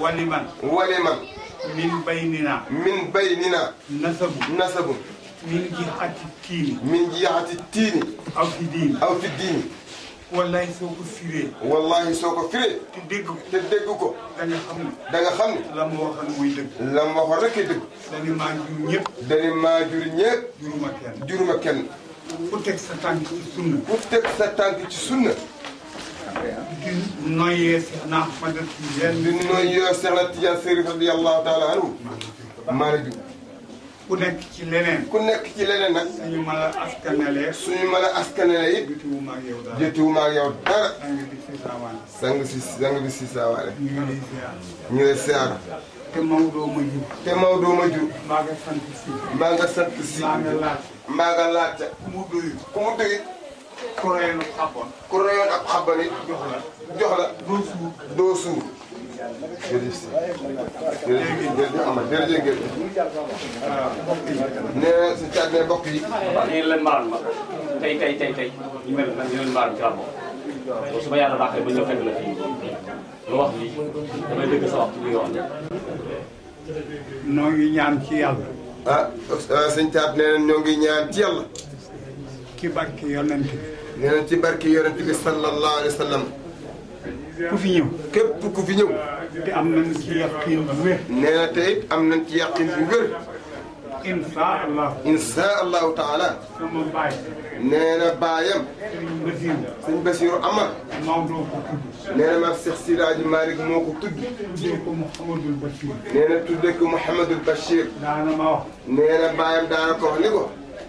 wali man wali man min baynina min baynina nasabu nasabu min jihati tiini min jihati tiini aw fi diini aw fi diini wallahi soo ko firee wallahi soo ko firee te dégg ko te dégg ko da nga xam ne da nga xam ne la mu waxoon mooy dëgg la mu waxoon rek dëgg dañu maa jur ñëpp dañu maa jur ñëpp juruma kenn juruma kenn ku teg sa tànk ci sunna ku teg sa tànk ci sunna di noyyee Seex na Ahmad Tijaan. di noyyee Seex na Tijaan Sërif radiyallaahu taala anhu. maa ngi ku nekk ci leneen. ku nekk ci leneen nag. suñu mën a askanalee. suñu mën a askanalee it. jotuwuma ak yow dara jotuwuma ak yow dara. sang si sang bi si saawaale. ñu ngi lay ziar. ñu ngi lay ziar. te Maodo ma jur. te Maodo ma jur. maa nga sant si. maa nga sant si. maa nga laaj. maa nga laaj. ku mu doyul ku mu doyul. ku rayoon ab xabban. ku rayoon jox la jox la doo suur ne bokk yi. waaw nee ma tey tey tey tey ñu mel ne leen mbaal ci laa ma yàlla baaxee ba ñëw fekk la fii lu wax lii damay dëgg sa wax ci li nga wax. noo ngi ñaan ci yàlla. ah euh, sëñ Thiat nee na ñoo ngi ñaan ci yàlla. ci barke nee na ci barke yonent bi sallallahu alayhi wa sallam. ku fi ñëw. képp ku fi ñëw. te am nañ ci yaqin bu wér. nee na te it am nañ ci yaqin bu wér. incha allah. incha allahu taala. sama baay. nee na baayam. sëñ Basiru. sëñ Basiru Amar. Maodo ko tudd. nee na maam Cheikh Siraaji Malick moo ko tudd. tuddee ko Mouhamadul Bachir. nee na tuddee ko Mouhamadul Bachir. daana ma wax. nee na baayam daana ko wax ni ko.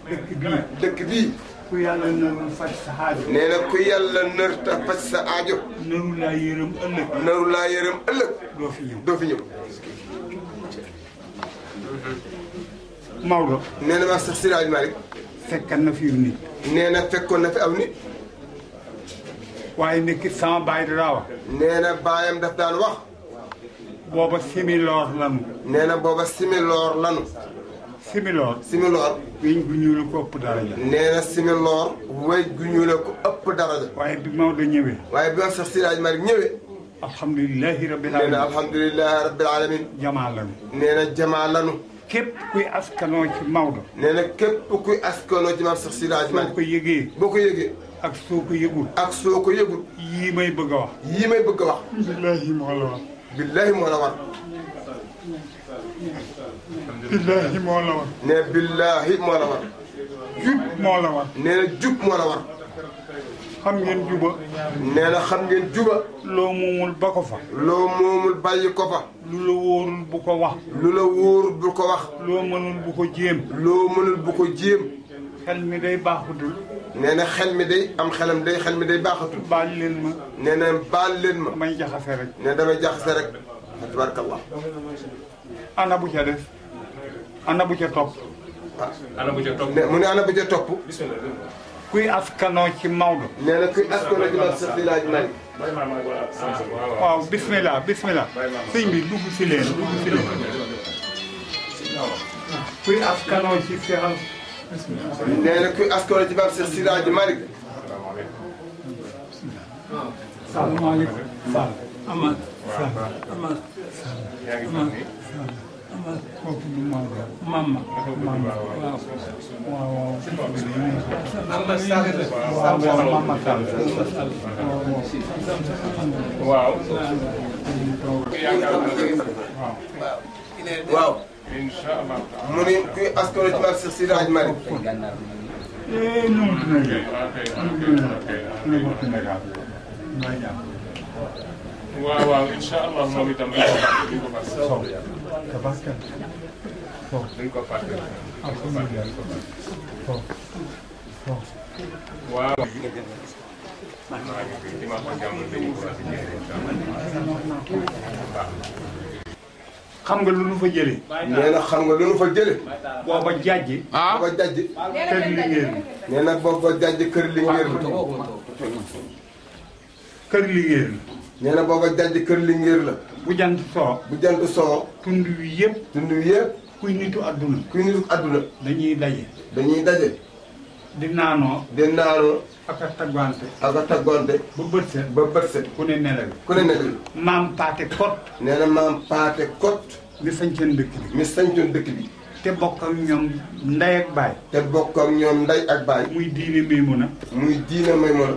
dëkk bii dëkk bii. ku yàlla narul faj sa aajo. nee na ku yàlla narut faj sa aajo. naru yërëm ëllëg. naru yërëm ëllëg. doo fi ñëw doo fi ñëw. Maodo. nee na maa sax si rajo Malick. fekkan na fi nit. nee na fekkoon na aw nit. waaye nit sama baay da daa wax. nee daf daan wax. booba simi lanu. nee booba simi lanu. similoor. similoor. weñ gu ñuul ko ëpp daraja. nee na similoor. weñ gu ñuul ko ëpp daraja. waaye bi Maodo ñëwee. waaye bi ma sax si laaj Malick ñëwee. alhamdulilahi alamin nee lanu. nee na lanu. képp kuy askanoo ci Maodo. nee na képp kuy askanoo ci maam sax si boo ko yëgee. boo ko yëgee. ak soo ko yëgul. ak yii may bëgg a wax. yii may bëgg a wax. billahi moo la billaahi moo la war. nee billaahi moo la war. jub moo la war. nee na jub moo la war. xam ngeen juba. nee na xam ngeen juba. loo moomul ba ko fa. loo moomul bàyyi ko fa. lu la wóorul bu ko wax. lu la wóorul bu ko wax. loo mënul bu ko jéem. loo mënul bu ko jéem. xel mi day baaxatul. nee na xel mi day am xelam day xel mi day baaxatul. baal leen ma. nee na baal leen ma. damay jaxase rek. nee damay jaxase rek. ana bu ca anna bu ca topp. mu ne ana bu ca topp. kuy askanoo ci ci Maodo sax di laaj Mali. waaw bisimilah bisimilah. sëñ bi dugg si kuy askanoo ci ci Maodo sax di laaj kooku du maam maam maam waaw waaw Samba Sall waaw Mama Sall waaw waaw mu ne kuy askanu ci mag si raaj Malick waaw waaw incha allah moom itam tabaski foofu ko fàtte xam nga lu nu fa jëlee. nee xam nga lu nu fa jëlee. booba jàjji. ah booba jàjji. kër Linguère bi. nee na booba jàjji kër Linguère bi. kër Linguère bi. nee na booba jàjji kër Linguère la. bu jant soo. bu jant soo. tund wi yëpp. tund wi yëpp. kuy nitu adduna. kuy nitu adduna. dañuy daje. dañuy daje. di naanoo. di naanoo. ak a tagwante. ak a tagwante. ba bët set. ba bët set. ku ne nelaw. ku ne nelaw. maam paate kot. nee na maam paate kot. mi sañcoon dëkk bi. mi sañcoon dëkk bi. te bokk ak ñoom nday ak baay. te bokk ak ñoom nday ak baay. muy diine Maymuna. muy diine Maymuna.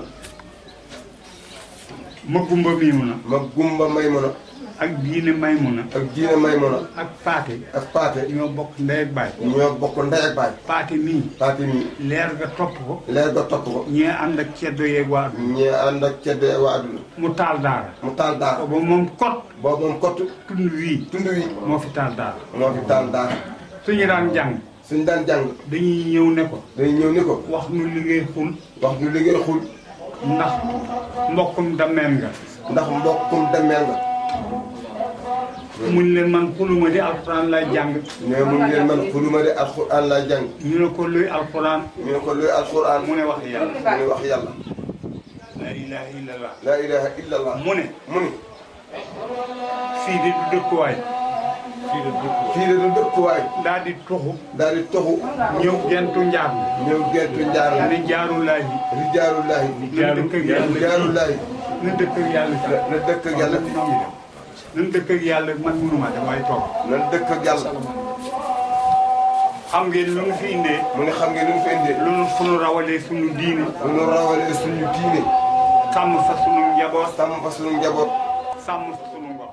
ma gumba Maymuna. ma gumba Maymuna. ak diine may ak diine Maymuna. ak paate. ak paate. ñoo bokk ndey ak baay. ñoo bokk ndey ak baay. paate mii. paate mii. leer nga topp ko. leer nga topp ko. ñee ànd ak ceddo yeeg waa aduna. ñee ànd ak ceddo yeeg waa aduna. mu taal daara. mu taal daara. boobu moom kot. boobu moom kot. tund wii. tund moo fi taal daara. moo fi taal daara. suñu daan jàng. suñu daan jàng. dañuy ñëw ne ko. dañuy ñëw ne ko. wax nu li ngay xul. wax nu li xul. ndax mbokkum dameel nga. ndax mbokkum dameel nga. muñ leen man xuluma di alxuraan lay jàng. mais muñ leen man xuluma di alxuraan lay jàng. ñu ne ko luy alxuraan. ñu mu ne wax yàlla mu ne wax yàlla. la mu ne. mu ne. fii du dëkkuwaay. fii du dëkkuwaay. fii de du dëkkuwaay. ñëw gentu njaar. ñëw gentu njaar. rijaarullahi. rijaarullahi. rijaarullahi. na dëkk na dëkk ak yàlla. na dëkk ak nan dëkk ak yàlla man mënuma damay toog. nan dëkk ak yàlla. xam ngeen lu nu fi indee. mu ne xam ngeen lu nu fi indee. lu nu rawalee sunu diine. lu nu rawalee sunu diine. sàmm fa sunu njaboot. sàmm fa sunu njaboot. sàmm fa sunu ngor.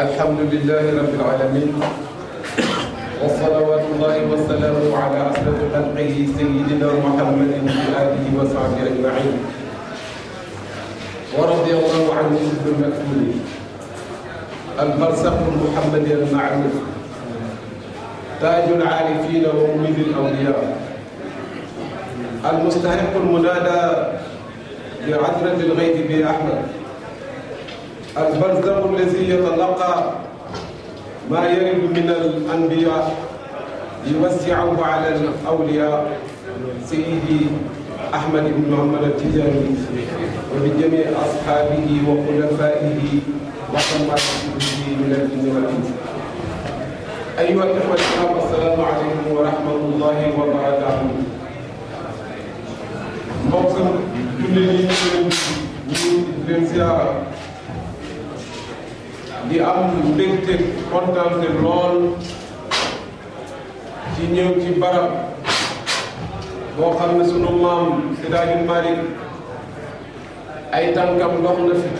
alhamdulilahi rabbil alamin wa salawatullahi wa salaamu ala asrafi xalqihi sayidina muhammadin wa alihi wa sahbihi ajmain wa radiyallahu an ibn maktuli albarsaq muhammadi almaaruf taaju alaarifina wa mumidi alawliya المستحق المنادى بعذرة الغيث بأحمد البرزق الذي يتلقى ما يرد من الأنبياء يوسعه على الأولياء سيدي أحمد بن محمد التجاني وبجميع أصحابه وخلفائه وحماته من الجن والإنس أيها الإخوة الكرام السلام عليكم ورحمة الله وبركاته mbokk jullit yi ñu leen ziara di am mbégte kontaan lool ci ñëw ci barab boo xam ne sunu maam Seydi Hadji Malick ay tànkam dox na fi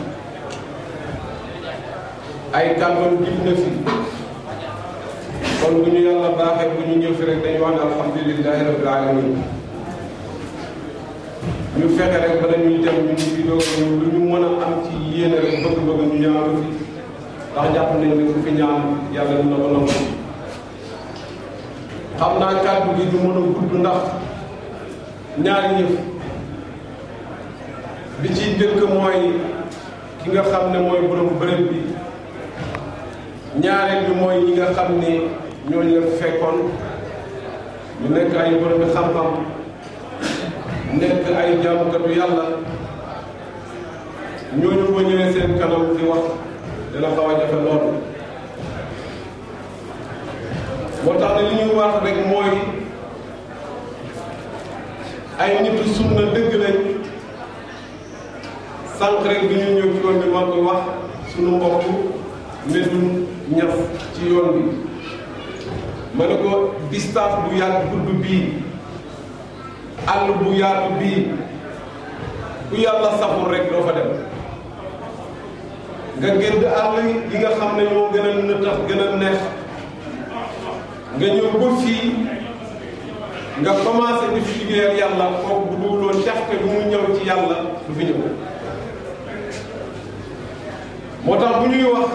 ay kàngam jib na fi kon bu ñu yàlla baaxee bu ñu ñëw fi rek dañu wax ne alhamdulilahi rabbil alamin ñu fexe rek bala ñuy dem ñu ngi fi doog lu ñu mën a am ci yéene rek bëgg-bëgg ñu ñaanu fi ndax jàpp nañ ne ku fi ñaan yàlla dina ko nangu xam naa kàddu gi du mën gudd ndax ñaari ñëf bi ci jënk mooy ki nga xam ne mooy borom bërëb bi ñaareel bi mooy ñi nga xam ne ñooñu la fekkoon ñu nekk ay borom xam-xam nekk ay jaamukatu yàlla ñooñu ko ñëwee seen kanam di wax dana xaw a jafe loolu moo tax ne li ñu wax rek mooy ay nitu sunna dëgg lañ sànq rek bi ñu ñëw ci bi maa koy wax sunu mbokk Medoune Niass ci yoon bi ma ne ko distance bu yaatu gudd bii àll bu yaatu bii ku yàlla saxul rek doo fa dem nga génn àll yi nga xam ne moo gën a mën gën a neex nga ñëw ba fii nga commencé di fi liggéeyal yàlla kooku bu duguloon caxte bu mu ñëw ci yàlla du fi ñëw moo tax bu ñuy wax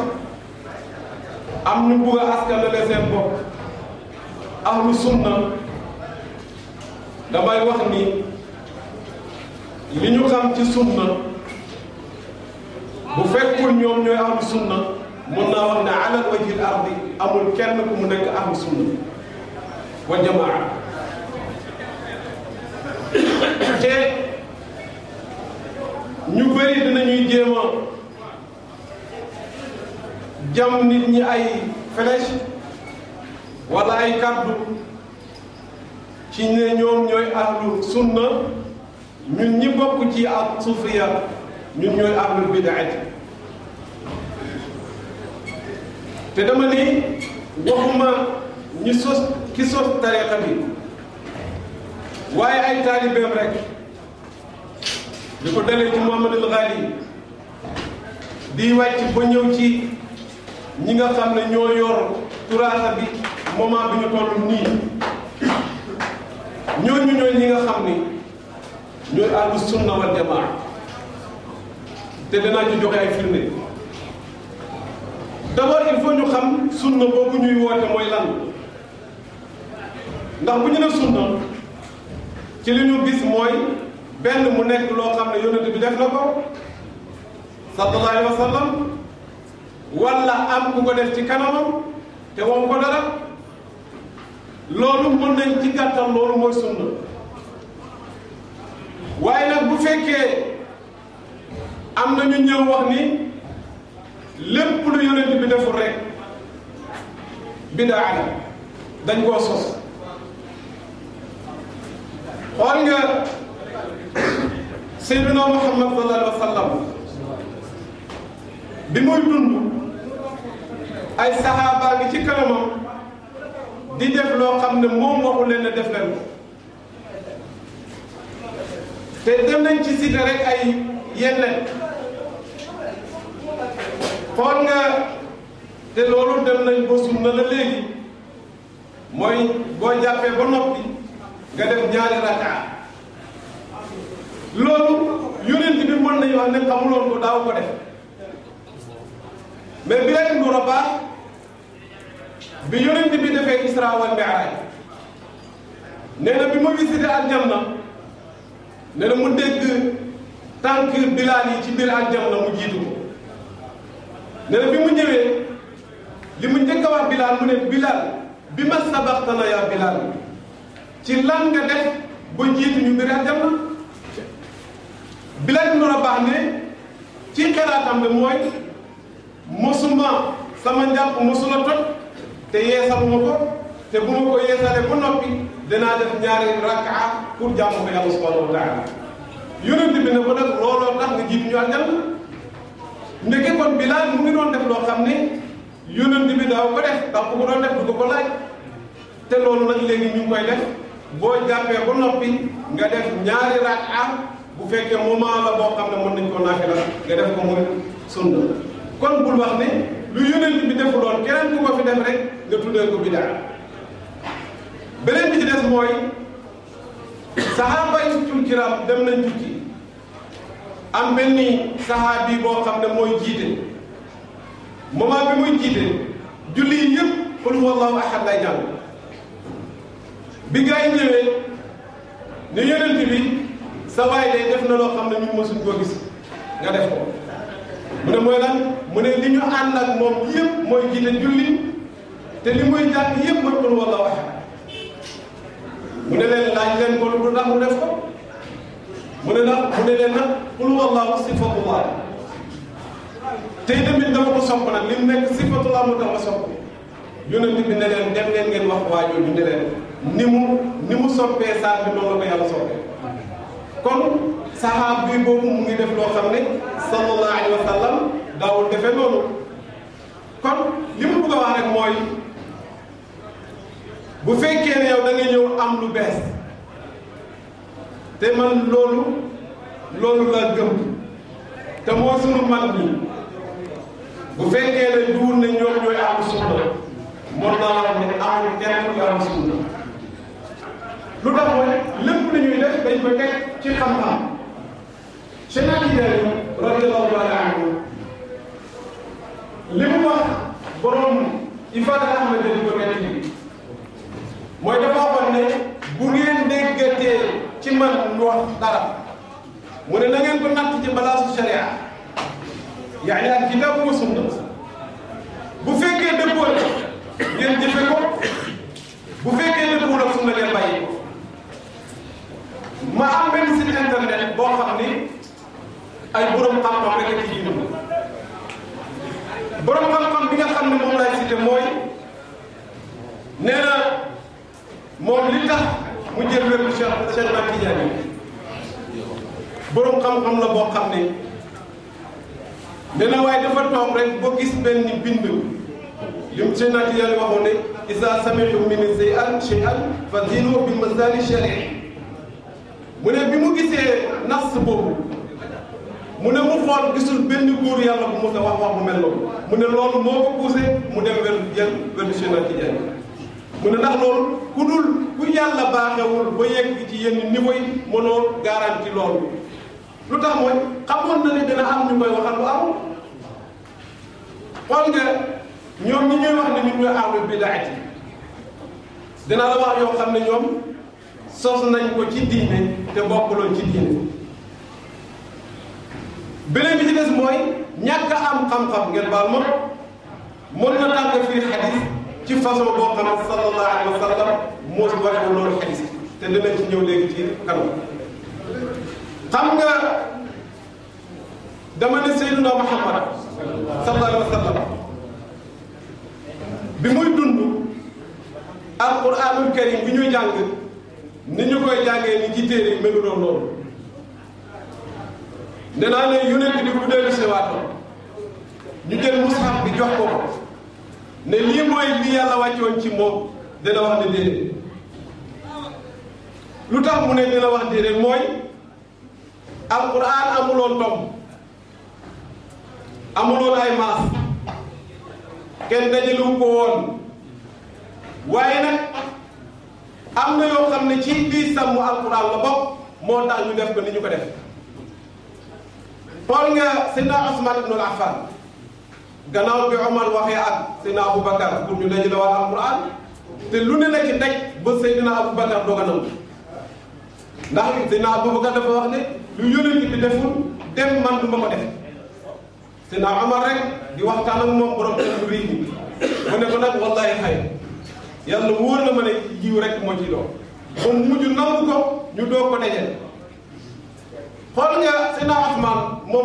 am ñu bugg a askanale seen bopp ahlu sunna damay wax ni li ñu xam ci sunna bu fekkul ñoom ñooy ahlu sunna mën naa wax ne alal wajhil ardi amul kenn ku mu nekk ahlu sunna wa jamaa ñu bëri dinañuy jéem a jam nit ñi ay flèche wala ay kàddu ci ne ñoom ñooy ahlu sunna ñun ñi bokk ci ak suufiya ñun ñooy ahlul bidaati te dama ni waxuma ñi sos ki sos tariqa bi waaye ay taalibeem rek di ko dalee ci Muhammadul Ghali di wàcc ba ñëw ci ñi nga xam ne ñoo yor turaasa bi moment bi ñu toll nii ñooñu ñooy ñi nga xam ni ñooy ahlu sunna wal te danaa ci joxe ay firnde d'abord il faut ñu xam sunna boobu ñuy woote mooy lan ndax bu ñu ne sunna ci li ñu gis mooy benn mu nekk loo xam ne yonent bi def na ko sallallahu alayhi wa sallam am ku ko def ci kanamam te won ko dara loolu mën nañ ci gàttal loolu mooy sunna waaye nag bu fekkee am na ñu ñëw wax ni lépp lu yonent bi deful rek bidaa la dañ koo sos xool nga Seydina Muhammad sallallahu alayhi wa sallam bi muy dund ay saxaabaa ngi ci kanamam di def loo xam ne moom waxu leen ne def leen te dem nañ ci cité rek ay yéen xool nga te loolu dem nañ ba sunna la léegi mooy boo jàppee ba noppi nga def ñaari rakkaa loolu yonent bi mën nañu wax ne xamuloon ko daaw ko def mais bi lay ndur a baax bi yonent bi defee isra wal mi'raj nee na bi ma visité aljanna nee na mu dégg tànk bilaal yi ci biir aljanna mu jiitu ko ne bi mu ñëwee li mu njëkk a wax bilaal mu ne bilaal bi ma sabaxtana yaa bilaal ci lan nga def ba jiitu ñu biir aljanna bilaal ibnu Rabaah ne ci xalaatam bi mooy mosuma sama njàpp mosula toj te ko te bu ma ko yeesalee ba noppi danaa def yonent bi ne ko nag looloo tax nga jiitu ñu àjjana ndeke kon Bilaal mu ngi doon def loo xam ne yonent bi daaw ko def ndax ku ko doon def du ko ko te loolu nag léegi ñu koy def boo jàppee ba noppi nga def ñaari rakaa bu fekkee moment la boo xam ne mën nañ ko naafila nga def ko muy sunna kon bul wax ne lu yonent bi defu doon keneen ku ko fi def rek nga tuddee ko bidaa beneen bi ci des mooy saxaaba yi tul kiram dem nañ tukki am benn bii boo xam ne mooy jiite moment bi muy jiite julli yëpp qul huwallahu ahad lay jàng bi gaa yi ñëwee ne yonent bi sa def na loo xam ne ñun mësuñ koo gis nga def ko mu ne mooy lan mu ne li ñu ànd moom yëpp mooy jiite julli te li muy jàng yëpp mooy qul huwallahu ahad mu ne leen laaj leen ko lu tax def ko mu ne nag mu ne leen nag qul wallahu sifatullah tey tamit dama ko sopp nag li mu nekk sifatullah mu dama sopp yonent bi ne leen dem leen ngeen wax waa jooju ne ni mu ni mu soppee saa noonu la ko yàlla soppee kon saxaab bi boobu mu ngi def loo xam ne sallallahu alayhi wa sallam daawul defee noonu kon li mu bëgg a wax rek mooy bu fekkee ne yow da ñëw am lu bees te man loolu loolu laa gëm te moo sunu mag ñi bu fekkee ne duur ne ñoom ñooy am sunna moo laa wax ne amul kenn ku am sunna lu tax mooy lépp ci xam-xam Cheikh Tidiane radiyallahu taala anhu li mu wax borom il faut que nga xamante ni ko nekk mooy dafa waxoon bu ngeen déggatee ci man lu wax dara mu ne na ngeen ko natt ci balaasu sharia yaani al kitaab wa sunna bu fekkee dëppoo la ngeen bu fekkee dëppoo la sunna ngeen bàyyi ko ma am benn site boo xam ni ay borom xam-xam rek a ci jiitu xam-xam bi nga xam ne moom laay cité mooy nee moom li tax mu jël wéru Cheikh Cheikh Ahmad Tidiane yi borom xam-xam la boo xam ne dana waaye dafa toog rek boo gis benn bind li mu Cheikh Ahmad Tidiane waxoon ne isa samitum min shay'an shay'an fa zinu bi masdari shari'i mu ne bi mu gisee nas boobu mu ne mu xool gisul benn góor yàlla bu mu sa wax wax mel noonu mu ne loolu moo ko mu dem wéru jël wéru Cheikh Ahmad mu ne ndax loolu ku dul ku yàlla baaxewul ba yegg ci yenn niveau yi mënoo garanti loolu lu tax mooy xamoon na ne dina am ñu koy waxal lu amul xool nga ñoom ñi ñuy wax ne ñun ñoo ahlul bidaati dina la wax yoo xam ne ñoom sos nañ ko ci diine te bokkuloon ci diine beneen bi ci des mooy ñàkk am xam-xam ngeen baal ma mën na tàgg fii xadis ci façon boo xam ne sallallahu alayhi wa moo ci waxee loolu xadis te dinañ ci ñëw léegi ci kanam xam nga dama ne Seydina Muhammad sallallahu alayhi wa bi muy dund alquranul karim bi ñuy jàng ni ñu koy jàngee ni ci téere loolu nee ne yonent bi bu dellu sewaatoon jël mushaf bi jox ko ne lii mooy li yàlla wàccoon ci moom dina wax ne lu tax mu ne dina wax déedéet mooy alquran amuloon tomb amuloon ay maas kenn dajalewu ko woon waaye nag am na yoo xam ne ci biir sàmm alquran la bokk moo tax ñu def ko ni ñu ko def xool nga Seydina Usmaan ibnul Affaan gannaaw bi Omar waxee ak Seydina Aboubacar pour ñu dajale lu ne la ci teg ba a nangu ndax Seydina Aboubacar dafa wax ne lu yonent bi deful dem man du ma ko def Seydina Omar rek di waxtaan ak moom borom kër bu rëy bi mu ne ko nag wallahi xay na ma ne jiw rek moo ciy doon kon moom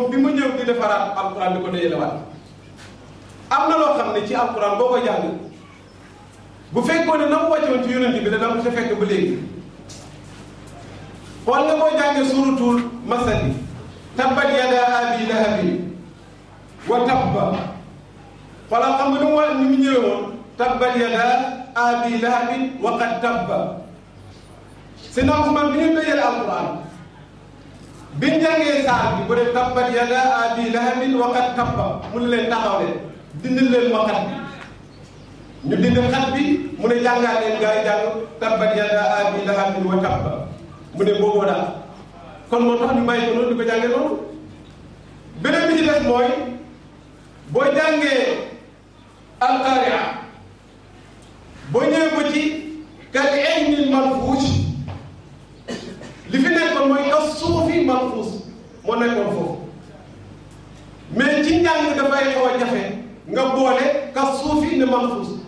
bi mu ñëw di defaraat alquran di ko dajale waat. am na loo xam ne ci alquran boo koy jàng bu fekkoon ne na mu wàccoon ci yonent bi da danga ko ca fekk ba léegi xool nga boo jàngee suuratul masadi tabbat yada abi lahabi wa tabba wala xam nga ni mu wax ni mu ñëwee tabbat yada abi lahabin wa qad tabba si na Usmaan bi ñu dajale biñ jàngee saar bi bu dee tabbat yada abi lahabin wa qad tabba leen taxaw dindil leen ma xat bi ñu dindi xat bi mu ne jàngaat leen gaa yi jàng tabbat yadaa abii lahabin wa tabba mu ne booboo daal kon moo tax ñu bàyyi ko noonu di ko jàngee noonu beneen bi ci des mooy boo jàngee alqaaria boo ñëwee ko ci kal aynil manfuush li fi nekkoon mooy kas suufi manfuus moo nekkoon foofu mais ci njàng dafay xaw a jafe nga boole ka suufi ne manfuus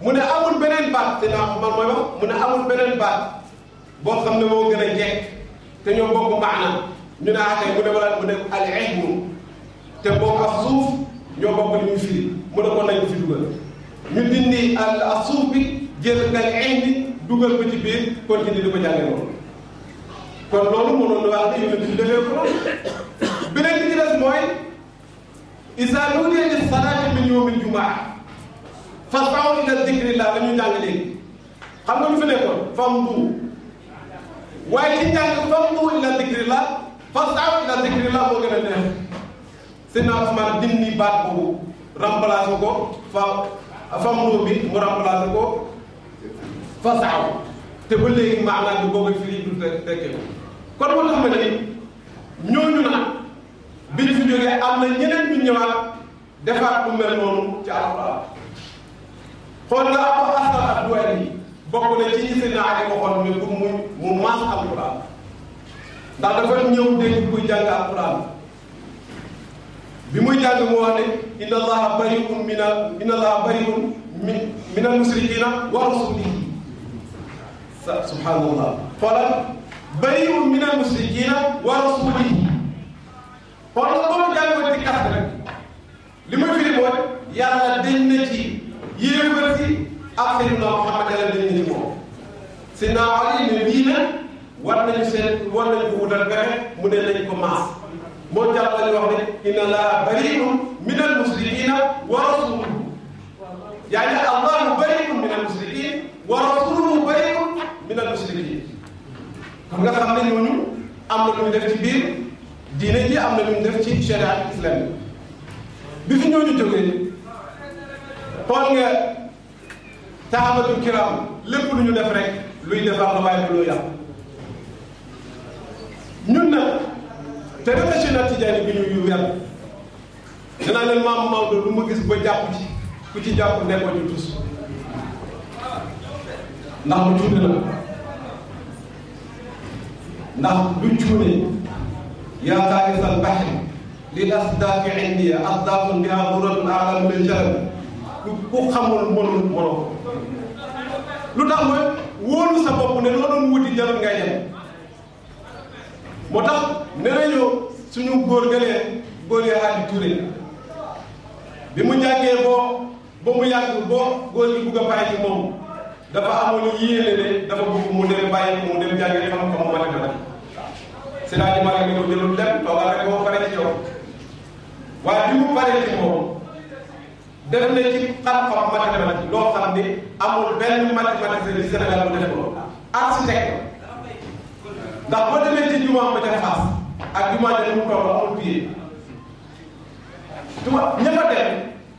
mu ne amul beneen baat te naa ko man mooy wax mu ne amul beneen baat boo xam ne moo gën a jekk te ñoo bokk maanaam ñu ne ah mu ne wala mu ne te bokk ak suuf ñoo bokk li ñu firi mu ne ko nañu fi dugal ñu dindi al ak suuf bi jël al ilmi dugal ko ci biir continué di ko jàngee moom kon loolu mënoon na wax ne yonent bi defee ko beneen bi ci des mooy. isa nuudiya lis salaati min yawmil jumaa fas'aw ila zikrillah la ñu jàng léegi xam nga lu fi nekkoon famdu waaye ci njàng famdu ila zikrillah fas'aw ila zikrillah moo gën a neex seen Usmaan dindi baat boobu remplacé ko fa famdu bi mu remplacé ko fas'aw te ba léegi maanaam bi boo koy firi du fekkee kon moo tax ma ne ñooñu nag bi fi jógee am na ñeneen ñu ñëwaat defaat bu mel noonu ci alxuraan xool nga am ko asal ak duway yi bokk ci ñi si naa yi waxoon mu mu maas alxuraan ndax dafa ñëw dégg kuy jàng alxuraan bi muy jàng mu wax ne inna allaha bariun mina inna wa rasulihi subhanallah xoolal bariun mina musrikina wa rasulihi kon nag boobu jàngoon ci kàtt nag li ma firi mooy yàlla dañ na ci yéefar si ak Seydina Muhammad yàlla dañ na ci moom Seydina Ali ne lii nag war nañu seet war nañu ko mu ne nañ ko moo jàpp la ñu wax ne inna laa bari'un minal wa rasuluhu yaani allahu bari'un minal musrikin wa rasuluhu bari'un minal musrikin xam nga xam ne ñooñu am na lu ci biir diine ji am na lu ñu def ci shariat islam bi fi ñooñu jógee xool nga sahabatul kiram lépp lu ñu def rek luy defar la waaye du lu yàq ñun nag te dafa shariat tijaani bi ñu yu yàq danaa leen maam Maodo lu ma gis ba jàpp ci ku ci jàpp nekkoo ci tus ndax mu tuuti la ndax duñ cuune يا li البحر للأصداف عندي أصداف بها ضرر أعلم من جلب ku xamul mënul mënoo lu tax mooy wóolu sa bopp ne loo doon wuti jarul ngay dem moo tax ne suñu góor gëlee góor ya Hady Touré bi mu jàngee boo ba mu yàgg boo góor gi bugg a bàyyi moom dafa amoon yéene ne dafa bëgg mu dem bàyyi ko mu dem jàngee xam-xamu mathématique si laa ji maanaam ñu ko jëloon lépp toogal rek boo paree ci yow waaye bi mu paree ci moom def na ci xam-xam mathématique loo xam ni amul benn mathématicien ci Sénégal bu def ko architecte ndax boo demee ci jumaa ba ca Fass ak jumaa ja mu toog amul pied tuma ña fa dem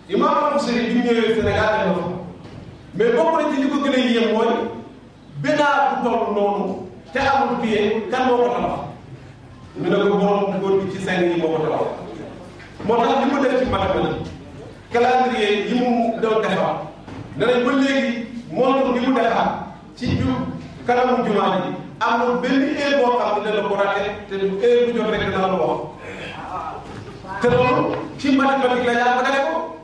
imam Alfousseyni bi ñëwee Sénégal dem na fa mais bokk na ci li ko gën a yéem mooy bidaa bu toll noonu te amul pied kan moo ko tabax ñu ne ko borom bu góor bi ci sànni yi moo ko tabax moo tax li ko def ci mbàkk bi calendrier yi mu doon defar danañ ba léegi montre bi ka defar ci ju kanamu jumaa ji am na benn heure boo xam ne dana ko raté te heure bu jot rek dana la wax te loolu ci mathématique la yaa ko def ko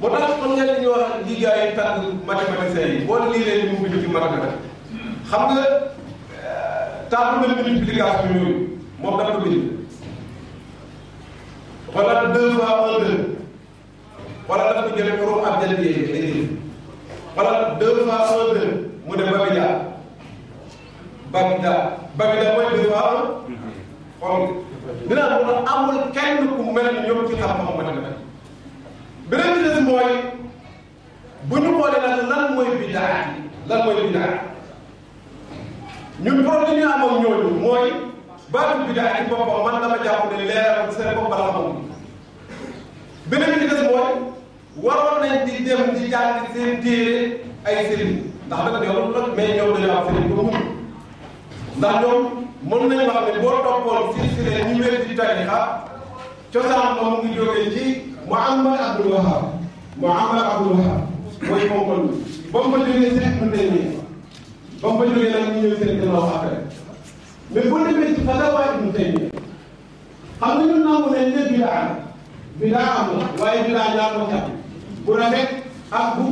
moo tax kon ñett ñi wax liggéeyu tànn mathématicien yi boo liiree mu bind ci mathématique xam nga. tàmbali bi multiplication yooyu moom dafa ko bind wala deux fois un deux wala dafa ko jëlee pour ab jëlee jëlee wala deux fois un deux mu dem Babida Babida Babida mooy deux fois un xool dina mun a amul kenn ku mel ni ñoom ci xam-xam ma dina beneen bi des mooy bu ñu xoolee nag lan mooy bidaa lan mooy bidaa ñun problème ñu amoon ñooñu mooy baatu bidaa ci boppam man dama jàpp ne leeral seen bopp bala moom beneen bi ci des mooy waroon nañ di dem di jàng seen téere ay sëriñ ndax dama ne woon nag mais ñoom dañoo am sëriñ ba mu ndax ñoom mën nañu wax ne boo toppoon si sëriñ ñu wér di tarixa cosaan ba mu ngi jógee ci Muhammad Abdul Wahab Muhammad Abdul Wahab mooy moom ba mu ba mu jógee sëriñ mu ne nii ba mu fa jógee nag ñu ñëw seen gannaaw après mais boo demee ci xam nga ñun nangu nañ ne bidaa am bidaa am la waaye bidaa bu rafet ak bu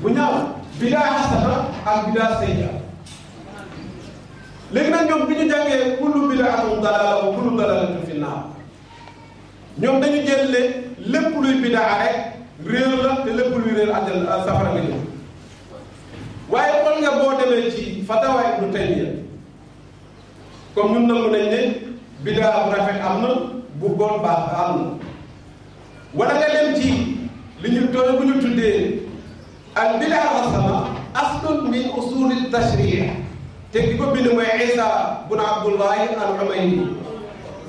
bu ñaaw bidaa hasana ak bidaa sayya léegi nag ñoom bi ñu jàngee kullu bidaatum dalaala wa kullu dalaalatin fi naar ñoom dañu jël lépp luy bidaa rek réer la te lépp luy réer àjjal safara nga jëm waaye xool nga boo demee ci fatawaay bu taymiya comme ñun nangu nañ bu rafet am na bu bon baax am na wala nga dem ci li ñu tooy bu ñu tuddee al bidaa hasana aslun min usulil tashrii te ki ko bind mooy Isa bun Abdullahi al Umayri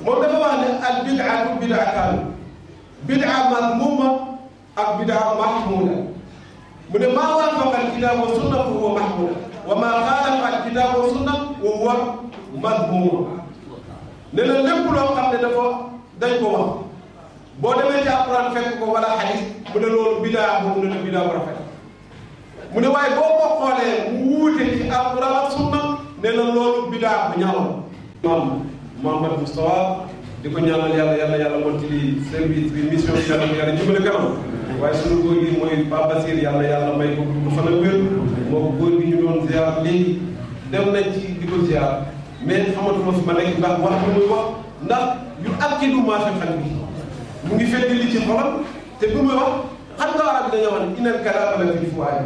moom dafa wax ne al bidaatu bidaataan bidaa mazmuma ak bidaa mahmuda mu ne maa waafaq alkitaab wa sunna fa huwa mahmuud wa maa xaalafa alkitaab wa sunna wa huwa madmuum ne la lépp loo xam ne dafa dañ ko wax boo demee ci alquran ko wala xadis mu ne loolu bidaa boobu ne la bidaa bu mu ne waaye boo ko xoolee mu wuute ci alquran ak sunna ne la loolu bidaa bu ñaaw maam Muhammad Mustafa di ko ñaanal yàlla yàlla yàlla continuer service bi mission bi yàlla yàlla jëmale kanam waaye suñu góor gi mooy Pape Basir yàlla yàlla may ko du fan ak wér moo góor gi ñu doon ziar léegi dem nañ ci di ko ziar mais xamatuma fi ma nekk ndax wax bi muy wax ndax yu ak ci du marché xel bi mu ngi fekk li te bu muy wax xam nga arab dañoo wax ne inal kalaama la fi fuwaay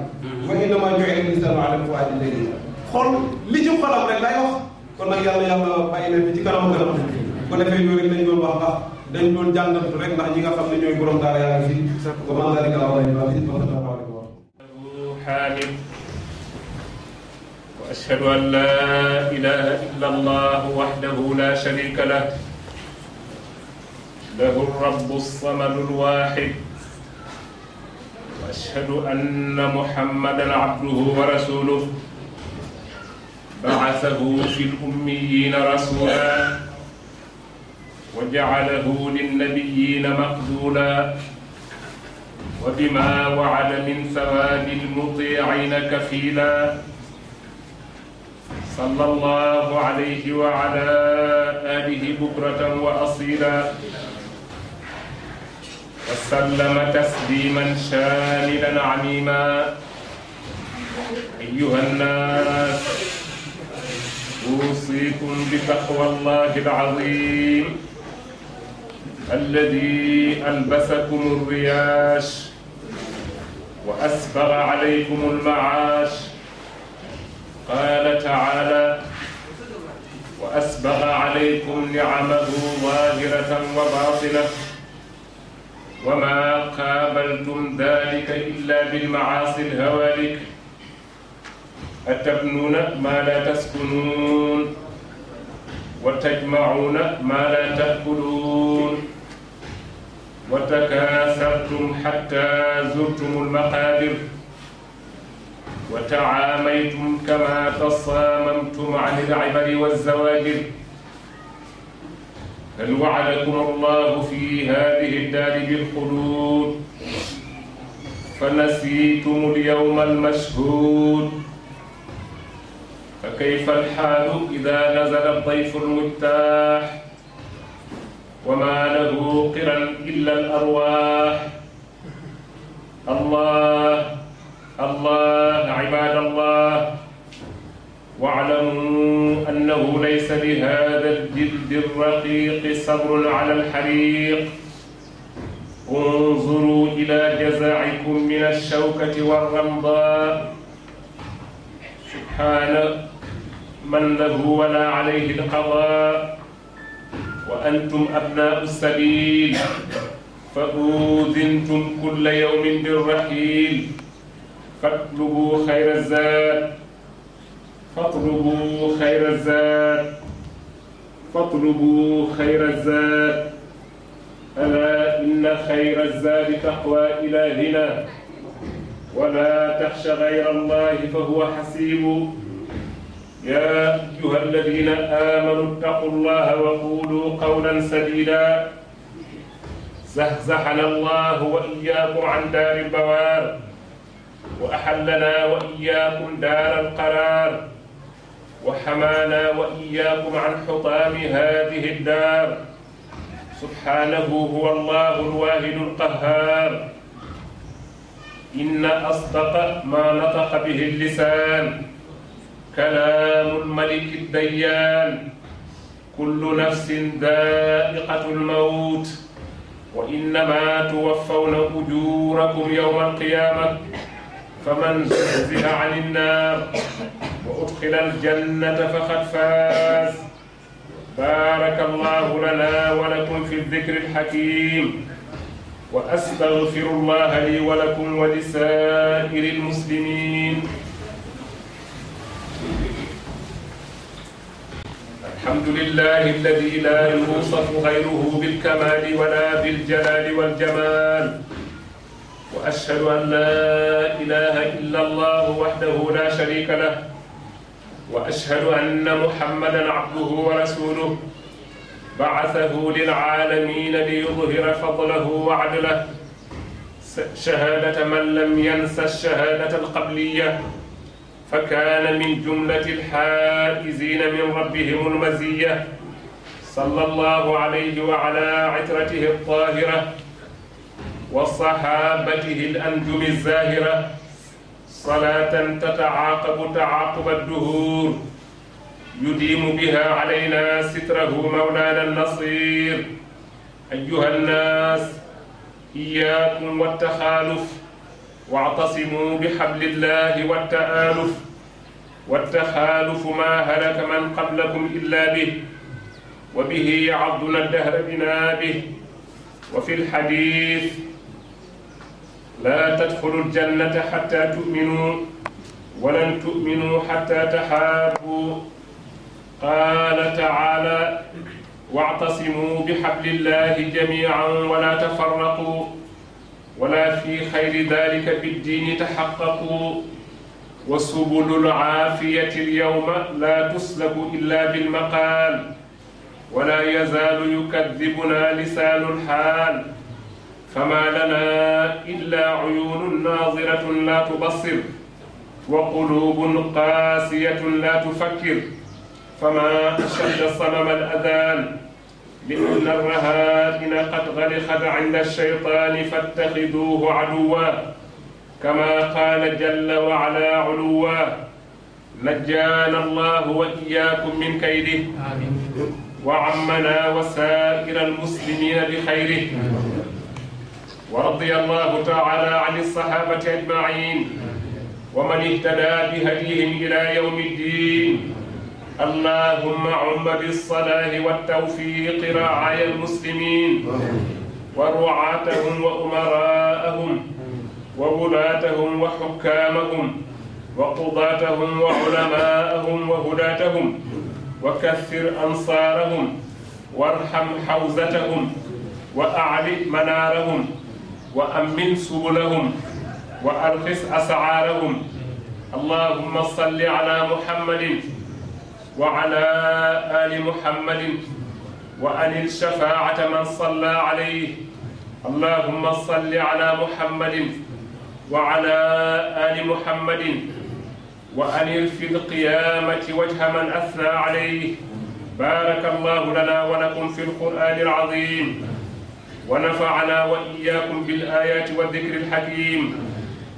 wa innamaa ju'ila al-insaanu alaa fuwaadihi xol li ci xolam rek lay wax kon nag yàlla yàlla bàyyi leen ci kanam kanam bu ko defee yooyu dañ doon wax ndax dañ doon jàngat rek ndax ñi nga xam ne ñooy borom daara yaa ngi fi ko man daal di ko wax حامد وأشهد أن لا إله إلا الله وحده لا شريك له له الرب الصمد الواحد وأشهد أن محمدا عبده ورسوله بعثه في الأميين رسولا وجعله للنبيين مقبولا وبما وعد من ثواب المطيعين كفيلا صلى الله عليه وعلى آله بكرة وأصيلا وسلم تسليما شاملا عميما أيها الناس أوصيكم بتقوى الله العظيم الذي ألبسكم الرياش وأسبغ عليكم المعاش قال تعالى وأسبغ عليكم نعمه ظاهرة وباطنة وما قابلتم ذلك إلا بالمعاصي الهوالك أتبنون ما لا تسكنون وتجمعون ما لا تأكلون وتكاثرتم حتى زرتم المقابر وتعاميتم كما تصاممتم عن العبر والزواجر بل وعدكم الله في هذه الدار بالخلود فنسيتم اليوم المشهود فكيف الحال إذا نزل الضيف المجتاح وما له قرا إلا الأرواح الله الله عباد الله واعلموا أنه ليس بهذا الجلد الرقيق صبر على الحريق انظروا إلى جزاعكم من الشوكة والرمضاء سبحان من له ولا عليه القضاء wa antum abnaau sabil fa udintum kulla yawmin birrahil fatlubu xayra zaad fatlubu xayra zaad fatlubu xayra zaad alaa inna xayra zaadi taqwa ilaahina wa laa taxsha xayra allahi fa huwa xasibu يا أيها الذين آمنوا اتقوا الله وقولوا قولا سديدا زهزحنا الله وإياكم عن دار البوار وأحلنا وإياكم دار القرار وحمانا وإياكم عن حطام هذه الدار سبحانه هو الله الواهد القهار إن أصدق ما نطق به اللسان kalaamu lmaliki ddayaan kullu nafsin daa'iqatu lmawt wa innamaa tuwaffawna ujuurakum yawma alqiyaama faman zuhziha ani nnaar wa udxila aljannata faqad faaz baaraka allahu lana wa lakum fi dikri alxakim wa astaghfiru allaha li wa lakum wa lisaa'iri almuslimin الحمد لله الذي لا يوصف غيره بالكمال ولا بالجلال والجمال واشهد ان لا اله الا الله وحده لا شريك له واشهد ان محمدا عبده ورسوله بعثه للعالمين ليظهر فضله وعدله شهاده من لم ينس الشهاده القبليه فكان من جملة الحائزين من ربهم المزية صلى الله عليه وعلى عترته الطاهرة وصحابته الأنجم الزاهرة صلاة تتعاقب تعاقب الدهور يديم بها علينا ستره مولانا النصير أيها الناس إياكم والتخالف واعتصموا بحبل الله والتآلف والتخالف ما هلك من قبلكم إلا به وبه يعضنا الدهر بنا به وفي الحديث لا تدخلوا الجنة حتى تؤمنوا ولن تؤمنوا حتى تحابوا قال تعالى واعتصموا بحبل الله جميعا ولا تفرقوا wala fi xayri dalika biddiini taxaqaqu wa subulu lcaafiyati alyawma la tuslabu illa bilmaqaal wala yazaalu yukadibuna lisaanu lxaal fama lana illa cuyuunun naadiratun la tubasir wa quluubun qaasiyatun la tufakkir fama ashadda samama aladan منه الرهائن قد غلقت عند الشيطان فاتخذوه عدوا كما قال جل وعلا علوا نجانا الله وإياكم من كيده آمين وعمنا وسائر المسلمين بخيره ورضي الله تعالى عن الصحابة أجمعين ومن اهتدى بهديهم إلى يوم الدين اللهم عم بالصلاح والتوفيق رعايا المسلمين ورعاتهم وأمراءهم وولاتهم وحكامهم وقضاتهم وعلماءهم وهداتهم وكثر أنصارهم وارحم حوزتهم وأعل منارهم وأمن سبلهم وأرخص أسعارهم اللهم صل على محمد وعلى آل محمد وأن الشفاعة من صلى عليه اللهم صل على محمد وعلى آل محمد وأن في القيامة وجه من أثنى عليه بارك الله لنا ولكم في القرآن العظيم ونفعنا وإياكم بالآيات والذكر الحكيم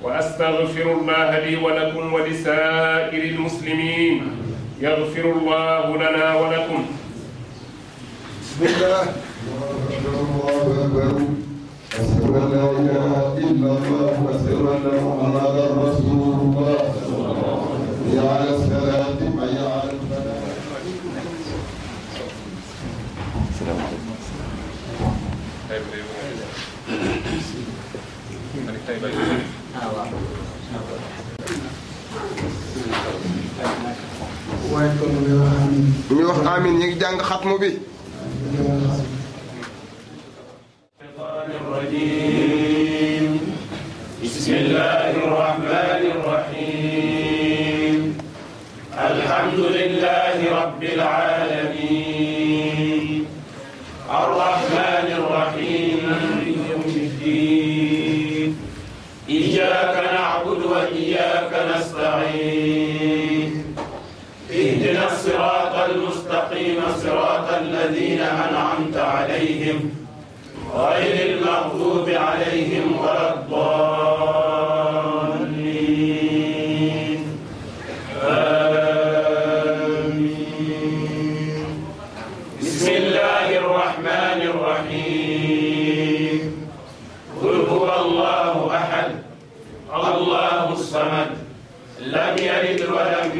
وأستغفر الله لي ولكم ولسائر المسلمين يغفر الله لنا ولكم بسم الله الله أكبر أشهد أن لا إله إلا الله وأشهد أن محمدا رسول الله حي على الصلاة حي على الفلاح السلام عليكم waaye kon ñu wax amiin. ñu wax amiin ñu ngi jàng xatmu bi. بسم الله الرحمن الرحيم الحمد لله رب العالمين الرحمن الرحيم يوم الدين إياك نعبد وإياك نستعين صراط الذين أنعمت عليهم غير المغضوب عليهم ولا الضالين آمين بسم الله الرحمن الرحيم قل هو الله أحد الله الصمد لم يلد ولم يولد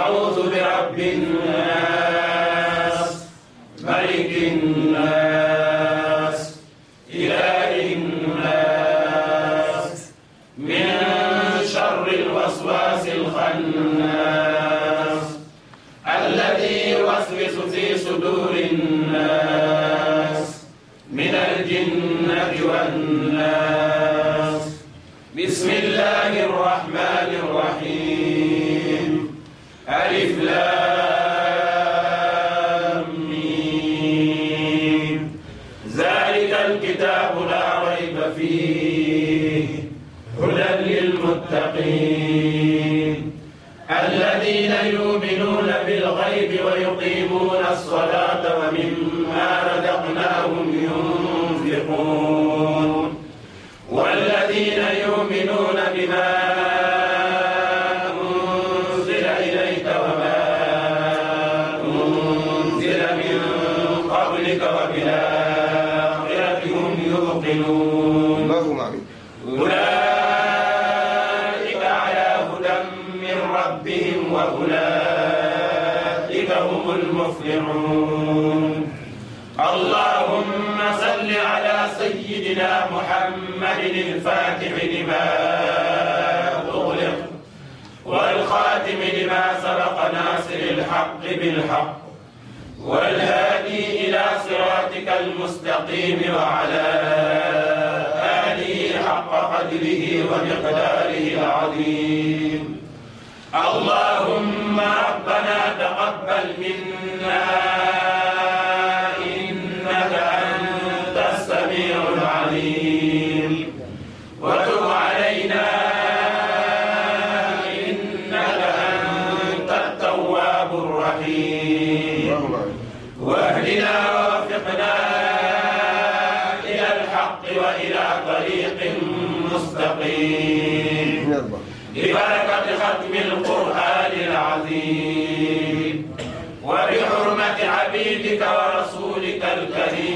أعوذ برب الناس ملك الناس إله الناس من شر الوسواس الخناس الذي يوسوس في صدور bi أولئك على هدى من ربهم وأولئك هم المفلحون اللهم صل على سيدنا محمد الفاتح لما أغلق والخاتم لما سبق ناصر الحق بالحق والهادي إلى صراطك المستقيم وعلى آله وقدره ومقداره العظيم اللهم ربنا تقبل منا ببركة ختم القرآن العظيم وبحرمة عبيدك ورسولك الكريم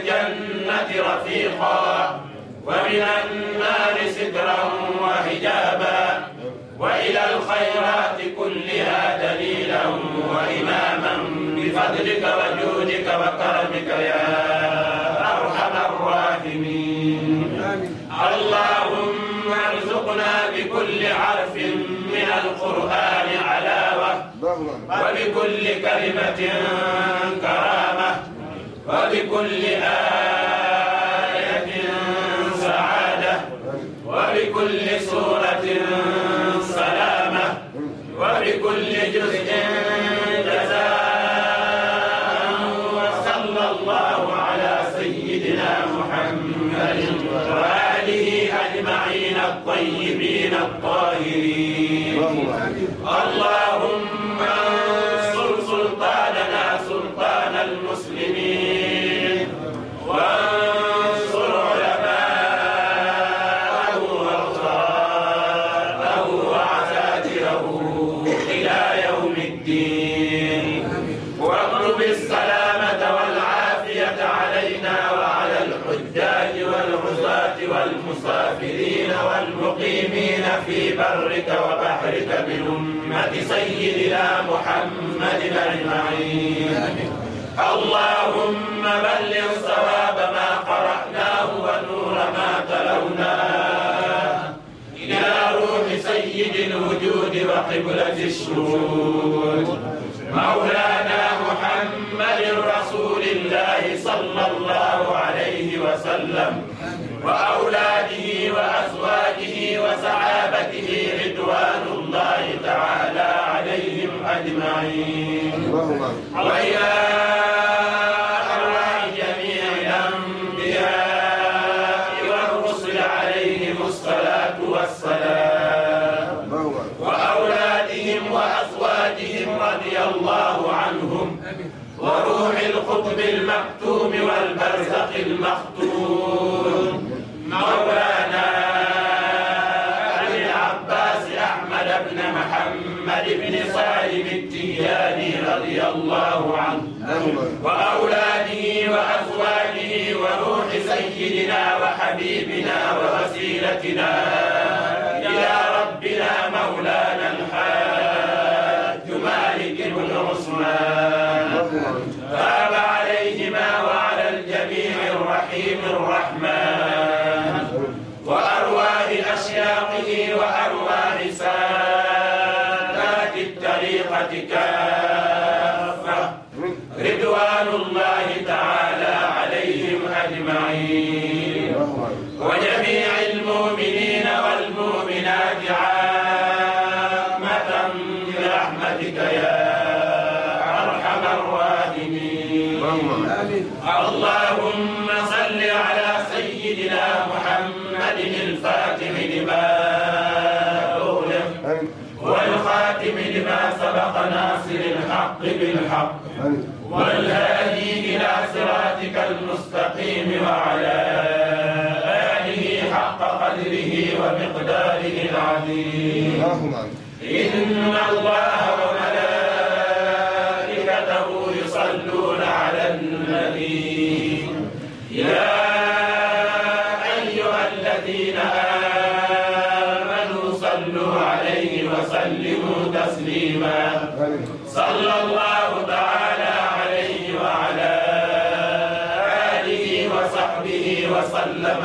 الجنة رفيقا ومن النار سترا وحجابا وإلى الخيرات كلها دليلا وإماما بفضلك وجودك وكرمك يا أرحم الراحمين اللهم ارزقنا بكل حرف من القرآن علاوة وبكل كلمة كرامة ولكل آية سعادة ولكل سورة سلامة ولكل جزء الحافظين والمقيمين في برك وبحرك من أمة سيدنا محمد أجمعين اللهم بلغ صواب ما قرأناه ونور ما تلوناه إلى روح سيد الوجود وقبلة الشهود مولانا محمد رسول الله صلى الله عليه وسلم وأولاده وأزواجه وسعابته رضوان الله تعالى عليهم أجمعين ويا أرواح جميع الأنبياء والرسل عليهم الصلاة والسلام وأولادهم وأزواجهم رضي الله عنهم وروح القطب المكتوم والبرزق المختوم الله عنه وأولاده وأزواجه وروح سيدنا وحبيبنا ووسيلتنا إلى ربنا مولانا الحاج مالك بن عثمان الحق والهادي إلى صراطك المستقيم وعلى آله حق قدره ومقداره العظيم إن الله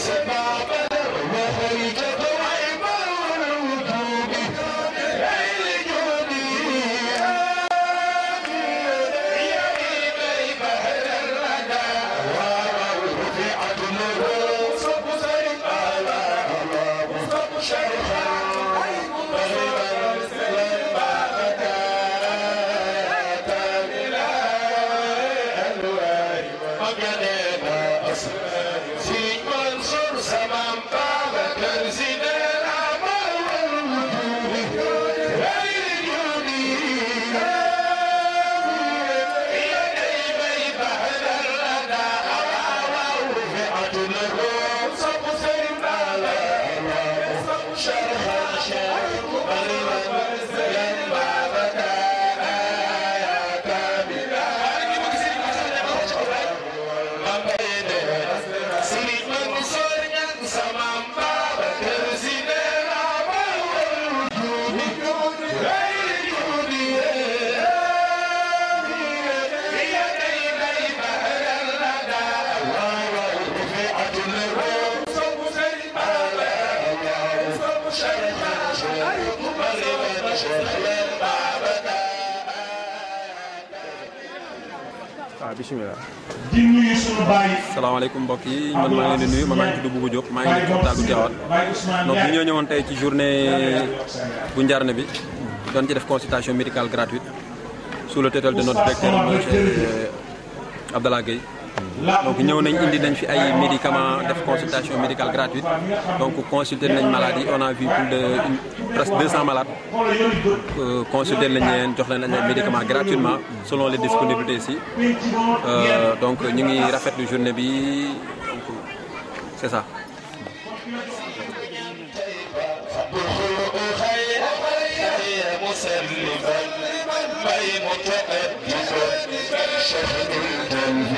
Seba. bisimilah di mbokk yi man maa ngi leen di nuyu man maa ngi tudd bu Diop maa ngi nekk hôpital bu Tivaouane donc ñu ñoo ñëwoon tey ci journée bu njaarne bi doon ci def consultation médicale gratuite su le tutelle de notre directeur euh, Abdallah Gueye donc ñëw nañ indi nañ fi ay médicaments def consultation médicale gratuite donc consulter nañ malades yi on a vu plus de presque 200 malades euh, consulter nañ leen jox leen ay médicaments gratuitement selon les disponibilités si euh, donc ñu ngi rafetlu journée bi donc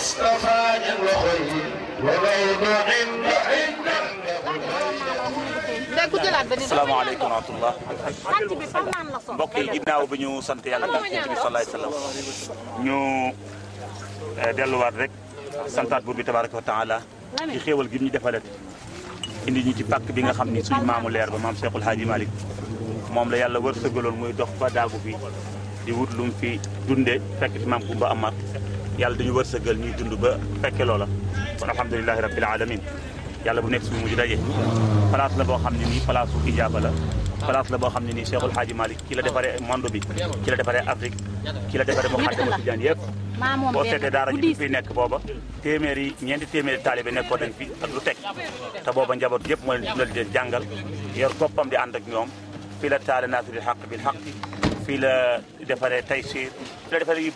المصطفى جل خير وروض عند عند salaamaaleykum wa rahmatulah mbokk yi ginnaaw bi ñu sant yàlla ndax ci bi salaay salaam ñu eh, delluwaat rek santaat buur bi tabaraka wa taala ci xéewal gi ñu defalet indi ñu ci pàkk bi nga xam ni suñu maamu leer ba maam Cheikhul Hadji Malick moom la yàlla wërsëgaloon muy dox ba daagu fi di wut lum fi dunde fekk fi maam Kumba Amar yàlla dañu wërsëgal ñuy dund ba fekke loola kon alhamdulilahi rabbil alamin yàlla bu nekk suñu mujj daje la boo xam ne nii place su ijaaba la la boo xam ne nii Cheikhul Hadji Malick ki la defaree monde bi ki la defaree Afrique ki la defaree Moukhaddamatoul Tidiane yëpp boo booba téeméeri ñeenti lu te booba njaboot yëpp moo leen dundal di leen jàngal yor boppam di ànd ak ñoom fii la taale naasiril xaq bil xaq fii la defaree taysir fii la defaree yu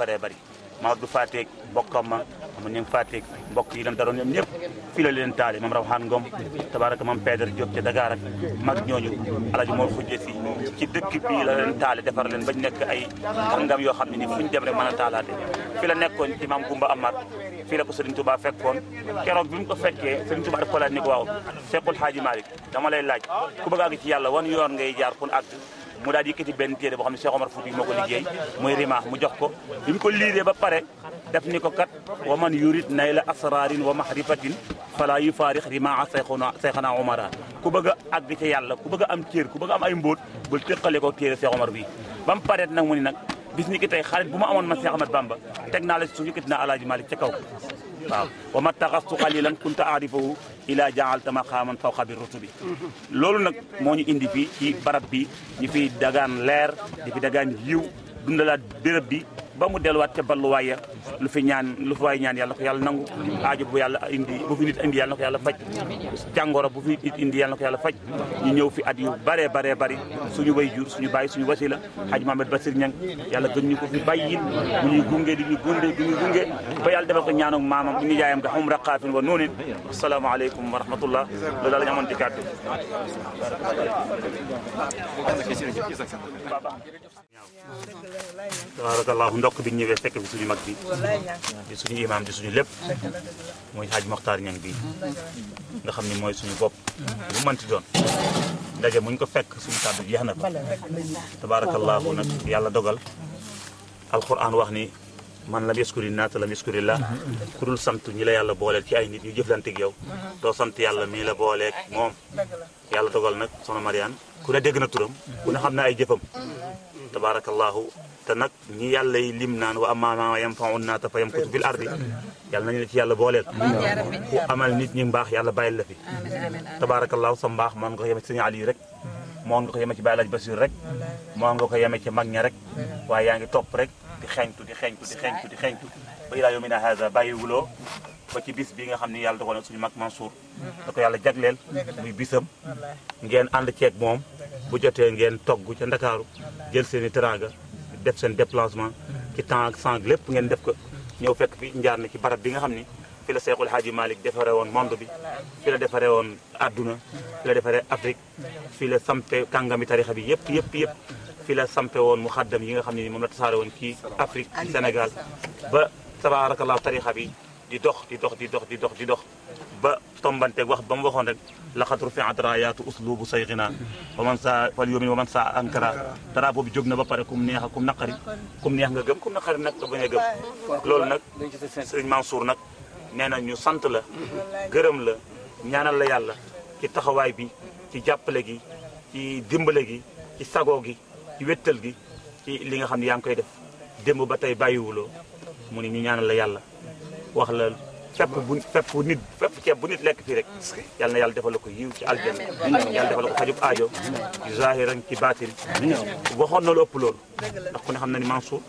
bëree maa du fàtteeg bokkam ma ma ñu ngi fàtteeg mbokk yi lam daroon ñoom ñëpp fii la leen taale moom Rawaan Ngom tabaraka moom Pedre Diop ca Dakar ak mag ñooñu alaji moo fujje si ci dëkk bii la leen taale defar leen nekk ay kàngam yoo xam ni fu dem rek mën a taalaate fi la nekkoon ci maam Goumba Amar fii ko Serigne fekkoon keroog bi mu fekkee Serigne Touba daf ni ko waaw Seexul Xaaji Malick dama lay laaj ku bëgg àgg ci yàlla wan yoon ngay jaar mu daal di yëkkati benn téere boo xam ne Cheikh Omar Fouti moo ko liggéey muy rima mu jox ko bi mu ko liiree ba pare def ni ko kat wa man yurid nayla asrarin wa mahrifatin fala yufaarix rimaa sayxuna sayxana omara ku bëgg a àgg ca ku bëgg a am téer ku bëgg a am ay mbóot bul tëqale ko téere Cheikh Omar bi ba mu pareet nag mu ni nag bis ni ki tey xaalis bu ma amoon man Cheikh Ahmad Bamba teg naa la si suuf yëkkati naa Alaaji Malik ca kaw waaw wa ma taxastu xalilan kunta aarifahu ilaa jaalta maqaaman fawqa bi rutubi loolu nag moo ñu indi fii ci barab bi ñi fi dagaan leer di fi dagaan yiw dundalaat béréb bi ba mu delluwaat ca balluwaay ya lu fi ñaan lu fi waay ñaan yàlla ko yàlla nangu aajo bu yàlla indi bu fi nit indi yàlla na ko yàlla faj jàngoro bu fi nit indi ko yàlla faj ñu ñëw fi at yu bare bare bari suñu way jur suñu baay suñu wasila Hadj Mohamed Basir Niang yàlla gën ñu ko fi bàyyi bu ñuy gunge di ñu gunge di ñu gunge ba yàlla defal ko ñaanam maamam bu ñu jaayam nga xamum raqaafin wa noonin asalaamaaleykum wa rahmatullah loolu daal la ñu amoon ci kàddu tabarakallahu ndokk bi ñëwee fekk fi suñu mag bi di suñu imaam di suñu lépp muy xaaj moxtaar ñang bi nga xam ni mooy suñu bopp lu mënti doon ndaje muñ ko fekk suñu kàddu jeex na fa tabarakallahu nag yàlla dogal alquran wax ni man lam yaskuri naata lam yaskuri la ku dul sant ñi la yàlla booleel ci ay nit ñu jëflanteeg yow doo sant yàlla mii la booleeg moom yàlla dogal nag soxna Mariane ku ne na turam ku xam na ay jëfam tabaarakallaahu te nag ñi yàlla yi lim naan wa amma maa yanfa'un naasa fa yamkutu fil ardi yàlla nañu la ci yàlla booleel ku amal nit ñi mbaax yàlla bàyyil la fi tabaarakallaahu sa mbaax moon nga ko yeme ci sëñ Aliou rek moon nga ko yeme ci Baye Laaj Basir rek moon nga ko yeme ci mag ña rek waaye yaa ngi topp rek di xeeñtu di xeeñtu di xeeñtu di xeeñtu ba ilaa yawminaa haazaa bàyyiwuloo ba ci bis bi nga xam ni yàlla da ko ne suñu mag Mansour da ko yàlla jagleel muy bisam ngeen ànd ceeg moom bu jotee ngeen togg ca Ndakaaru jël seen i teraanga def seen déplacement ci temps sang lépp ngeen def ko ñëw fekk fi njaar na ci barab bi nga xam ni fi la Seexul Haaji Malick defaree woon monde bi fi la defaree woon adduna fi la defaree Afrique fi la sampe kàngami tarixa bi yëpp yëpp yëpp fi la sampe woon mu xaddam yi nga xam ne ni moom la tasaare woon ci Afrique ci di dox di dox di dox di dox di dox ba tombanteeg wax ba mu waxoon rek laxat rufiat raayaatu uslubu sayxina wa man saa fal yumin wa man saa ankara dara boobu jóg na ba pare kum neex ak kum naqari kum neex nga gëm kum naqari nag nga bañ a gëm loolu nag sëriñ Mansour nag nee na ñu sant la gërëm la ñaanal la yàlla ci taxawaay bi ci jàppale gi ci dimbale gi ci sagoo gi ci wéttal gi ci li nga xam ne yaa ngi koy def démb ba tey bàyyiwuloo mu ne ñu ñaanal la yàlla wax la fépp bu fépp nit fépp ceeb bu nit lekk fii rek yal na yàlla defal ko yiw ci aljana yàlla defal ko fajub aajo ci zahiran ci baatin waxoon na lu ëpp loolu ndax ku ne xam na ni Mansour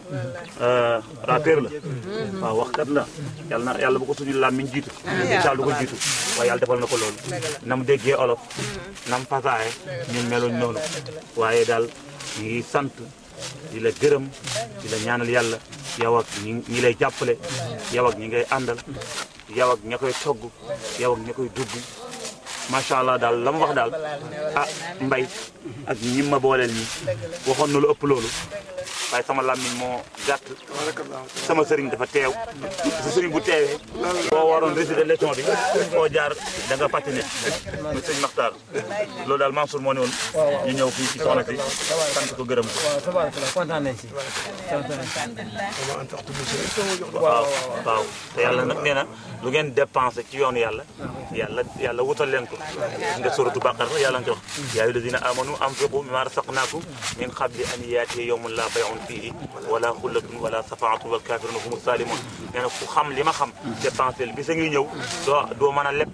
euh, rappeur la waaw waxkat la yal na yàlla bu ko suñu làmmiñ jiitu incha allah ko jiitu waaye yàlla defal na ko loolu na mu déggee olof na mu fasaaye ñun meluñ noonu waaye daal ngi sant di la gërëm di la ñaanal yàlla yow ak ñi ñi lay jàppale yow ak ñi ngay àndal yow ak ña koy togg yow ña koy dugg macha allah daal la wax daal ah mbay ak ñi ma booleel ñi waxoon na ëpp loolu waaye sama làmmiñ moo gàtt sama sëriñ dafa teew sa sëriñ bu teewee boo waroon résider leçon bi moo jaar da nga patiné muy sëñ Maxtaar loolu daal Mansour moo ne woon ñu ñëw fii ci soxna si sant ko gërëm ko kontaan nañ si waaw waaw te yàlla nag nee na lu ngeen dépensé ci yoonu yàlla yàlla yàlla wutal leen ko nga suratu Baqara yàlla nga ci wax yaa ayyuhallazina amanu anfiqu mimma razaqnakum min qabli an ya'tiya yawmun la bay'un fii wala xullatun wala safaatun wal kafiruna humu salimun nee na ku xam li ma xam dépensel bi sa ngi ñëw doo doo mën a leb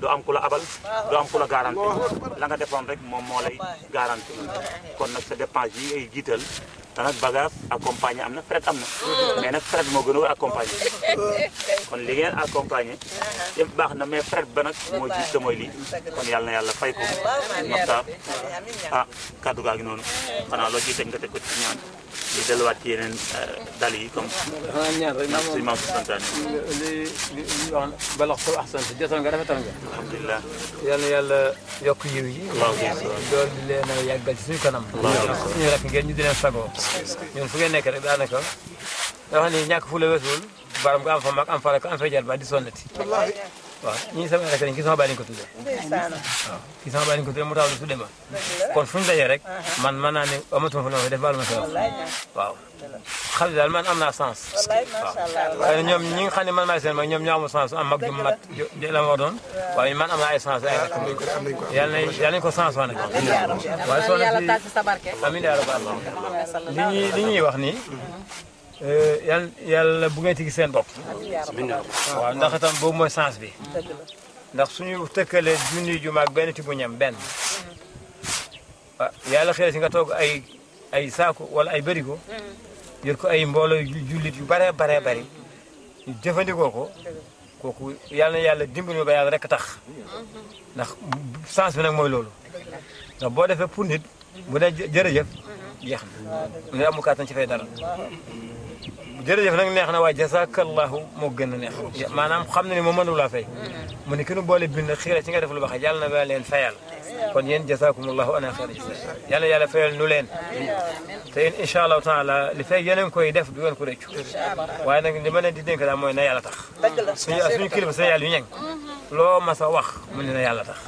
doo am ku la abal doo am ku la garanti la nga defoon rek moom moo lay garanti kon nag sa dépense yi ngay jiital te nag bagage accompagné am na fret am na mais nag fret moo gën a accompagné kon li ngeen accompagné yëpp baax na mais fret ba nag moo jiit te mooy yàlla na yàlla fay ko Moxtaar ah kaddu gaa ngi noonu xanaa loo ciy teg nga teg ko ci ñaan ñu delluwaat ci yeneen euh, dal yi comme. xanaa ñaan rek maam si maam si santaane. li li li wax balax ko ahsanta jotoon nga rafetal nga. alhamdulilah. yal yàlla yokk yiw yi. waaw dool di leen a yàggal ci suñu kanam. waaw ñu rek ngeen ñu di leen sagoo. ñun fu ngeen nekk rek daanaka. yoo xam ne ñàkk fu la weesuwul baram nga am fa mag am fa rek am waaw ñii sama rek lañ ki sama baay lañ ko tuddee waaw ki sama baay lañ ko tuddee mu taw tuddee ma kon fu ñu dajee rek uh-huh. man ma naa ne amatuma fa def baal ma sa waaw xam ne daal man am naa sens waaw ñoom ñi nga xam ne man maay seen mag ñoom ñoo amul sens am mag ju mat la ma war doon waaye man am naa ay sens ay rek yàlla na yàlla ko sens wa nag waaye soxna si amiin wax nii Eh, yàlla yàlla bu ngeen ci gis seen bopp. waaw boobu mooy sens bi. ndax suñu tëkkalee junni ju maag benn ti bu benn. waaw mm-hmm. ah, yàlla xëy si nga toog ay ay saako wala ay bërigo. Mm-hmm. yor ko ay mbooloo yu yu bare bare bari. Mm-hmm. ñu jëfandikoo ko. kooku yàlla na yàlla dimbali ba yàlla rek tax. ndax sens bi nag mooy loolu. ndax boo defee pour nit. bu dee jërëjëf. jeex na. mu ne amul ci fay dara. jërëjëf nag neex na waaye jazakallahu moo gën a neex maanaam xam na ni moo mënul laa fay mu ne ki nu boole bind xiira ci nga def lu baax yàlla na ba leen fayal kon yéen jazakumullahu ana xayra jazaa yàlla yàlla fayal nu leen te yéen incha taala li fay yeneen koy def du ngeen ko rëccu waaye nag li ma leen di dénk daal mooy na yàlla tax suñu suñu kilifa sa yàlla yu ñeng loo mas a wax mu na yàlla tax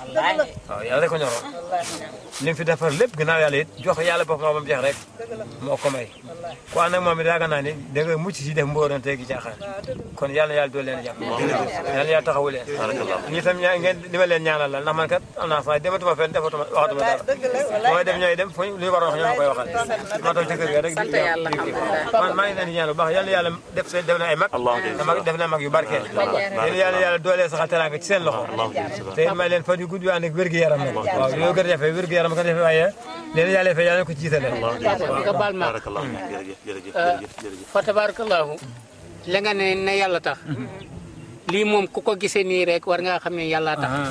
waaw yàlla rek ko ñoroo li fi defar lépp ginnaaw yàlla it jox yàlla bopp moo ba mu jeex rek moo ko may ko nag moom it yaaga naa ni da mucc si def mbóorante gi caaxaan kon yàlla yàlla dool leen jàpp yàlla yàlla taxawu leen ñi tam ñaa ngeen li ma leen ñaanal la ndax man kat am naa saa dematuma fenn defatuma waxatuma dara mooy def ñooy dem fu ñu war a wax ñoo ma koy waxal ma toog ci kër ga rek man maa ngi ci seen loxo te may leen fan yu gudd yu ànd ak yaram nag waaw yoo gën a a leen yàlla defee yàlla ko jiitale. nga baal ma fa tabaarakallaahu la ne ne yàlla tax. lii moom ku ko gisee nii rek war ngaa xam ne yàlla tax. Ah,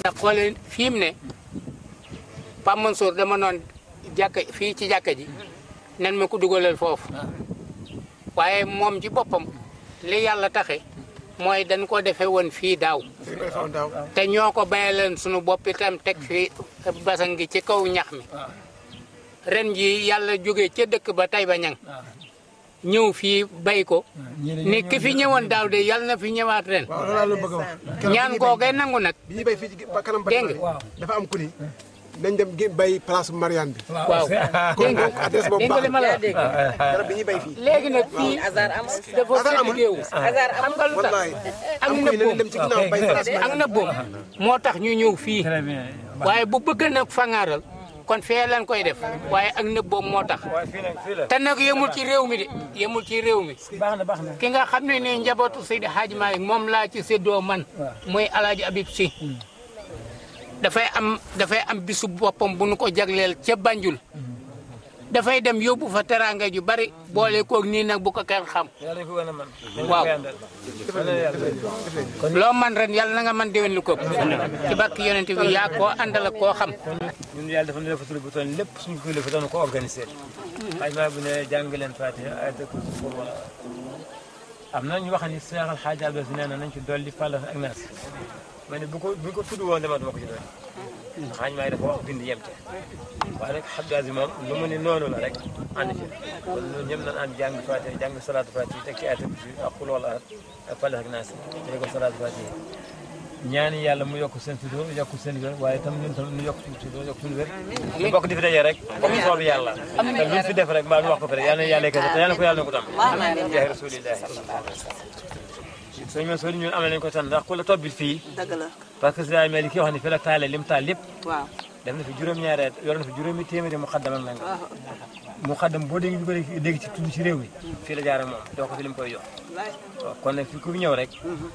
ndax xoole fii mu ne Pape Mansour dama noon jàkka fii ci jàkka ji nen ma ko dugalal foofu ah. waaye moom ci boppam li yàlla taxe mooy dañ ko defe woon fii daaw te ñoo ko bayaleen sunu bopp itam teg fi basa gi ci kaw ñax mi ren ji yàlla jóge ca dëkk ba tey bañaŋ ñëw fii bay ko ni ki ñëwoon daaw de yàlla na fi ñëwaat ren ñaan googee nangu nag dégg dafa am nañ dem gé bay place Marianne bi. waaw dégg nga dégg nga ma la wax dégg garab bi ñuy bay fii. léegi nag fii hasard am dafa seetlu géewu. hasard ah. am nga lu tax moo tax ñu ñëw fii waaye bu bëgg nag fangaaral kon fee lan koy def waaye ak nëbboom moo tax te nag yemul ci réew mi de yemul ci réew mi ki nga xam ne ne njabootu Seydi Hadji Malick moom laa ci séddoo man mooy Alaaji Abib ci dafay am dafay am bisu boppam bu nu ko jagleel ca Banjul dafay dem yóbbu fa teraanga ju bari boole koog nii nag bu ko kenn xam. waaw loo man ren yàlla na nga man déwén lu ko ci barke yonent bi yaa koo àndal ak koo xam. ñun yàlla dafa ne dafa tudd bu toll lépp suñu kuréel dafa doon ko organisé. xaj maa bu ne jàng leen Fatiha am na ñu wax ni Seex Alxaaji Abdou nee na nañ ci dolli Fàlla ak Naas. ma ne bu ko bu ko tudd woon dama ko ci doon xaañ maay dafa wax bind yem ca waaye nag xaggaasi moom lu ne noonu la rek ànd ci kon loolu ñëpp nañ ànd jàng Faatiha jàng salaatu Faatiha teg ci ayatul kursi ak xul wala ak falax ak naas teg ñaani yàlla mu yokk seen tuddoo yokk seen wér waaye tam ñun tam ñu yokk suñu tuddoo yokk suñu wér ñu bokk di fi daje rek comme soobu yàlla te luñ fi rek mbaa ñu wax ko fi rek yàlla na yàlla kese te yàlla ko yàlla na ko tam jaay rasulillahi sëñ Mansour ñun amal nañu ko tan ndax ku la tobbil fii dëgg la parce que sëñ Malick ki wax ne fi la taale lim taal lépp def na fi juróom-ñaari at na fi juróomi téeméeri mu xaddamam nanga mu xaddam boo dégg ñu ko dégg ci tudd ci réew fii la jaara moom doo ko fi lim koy jox kon nag fi ku fi rek mhm.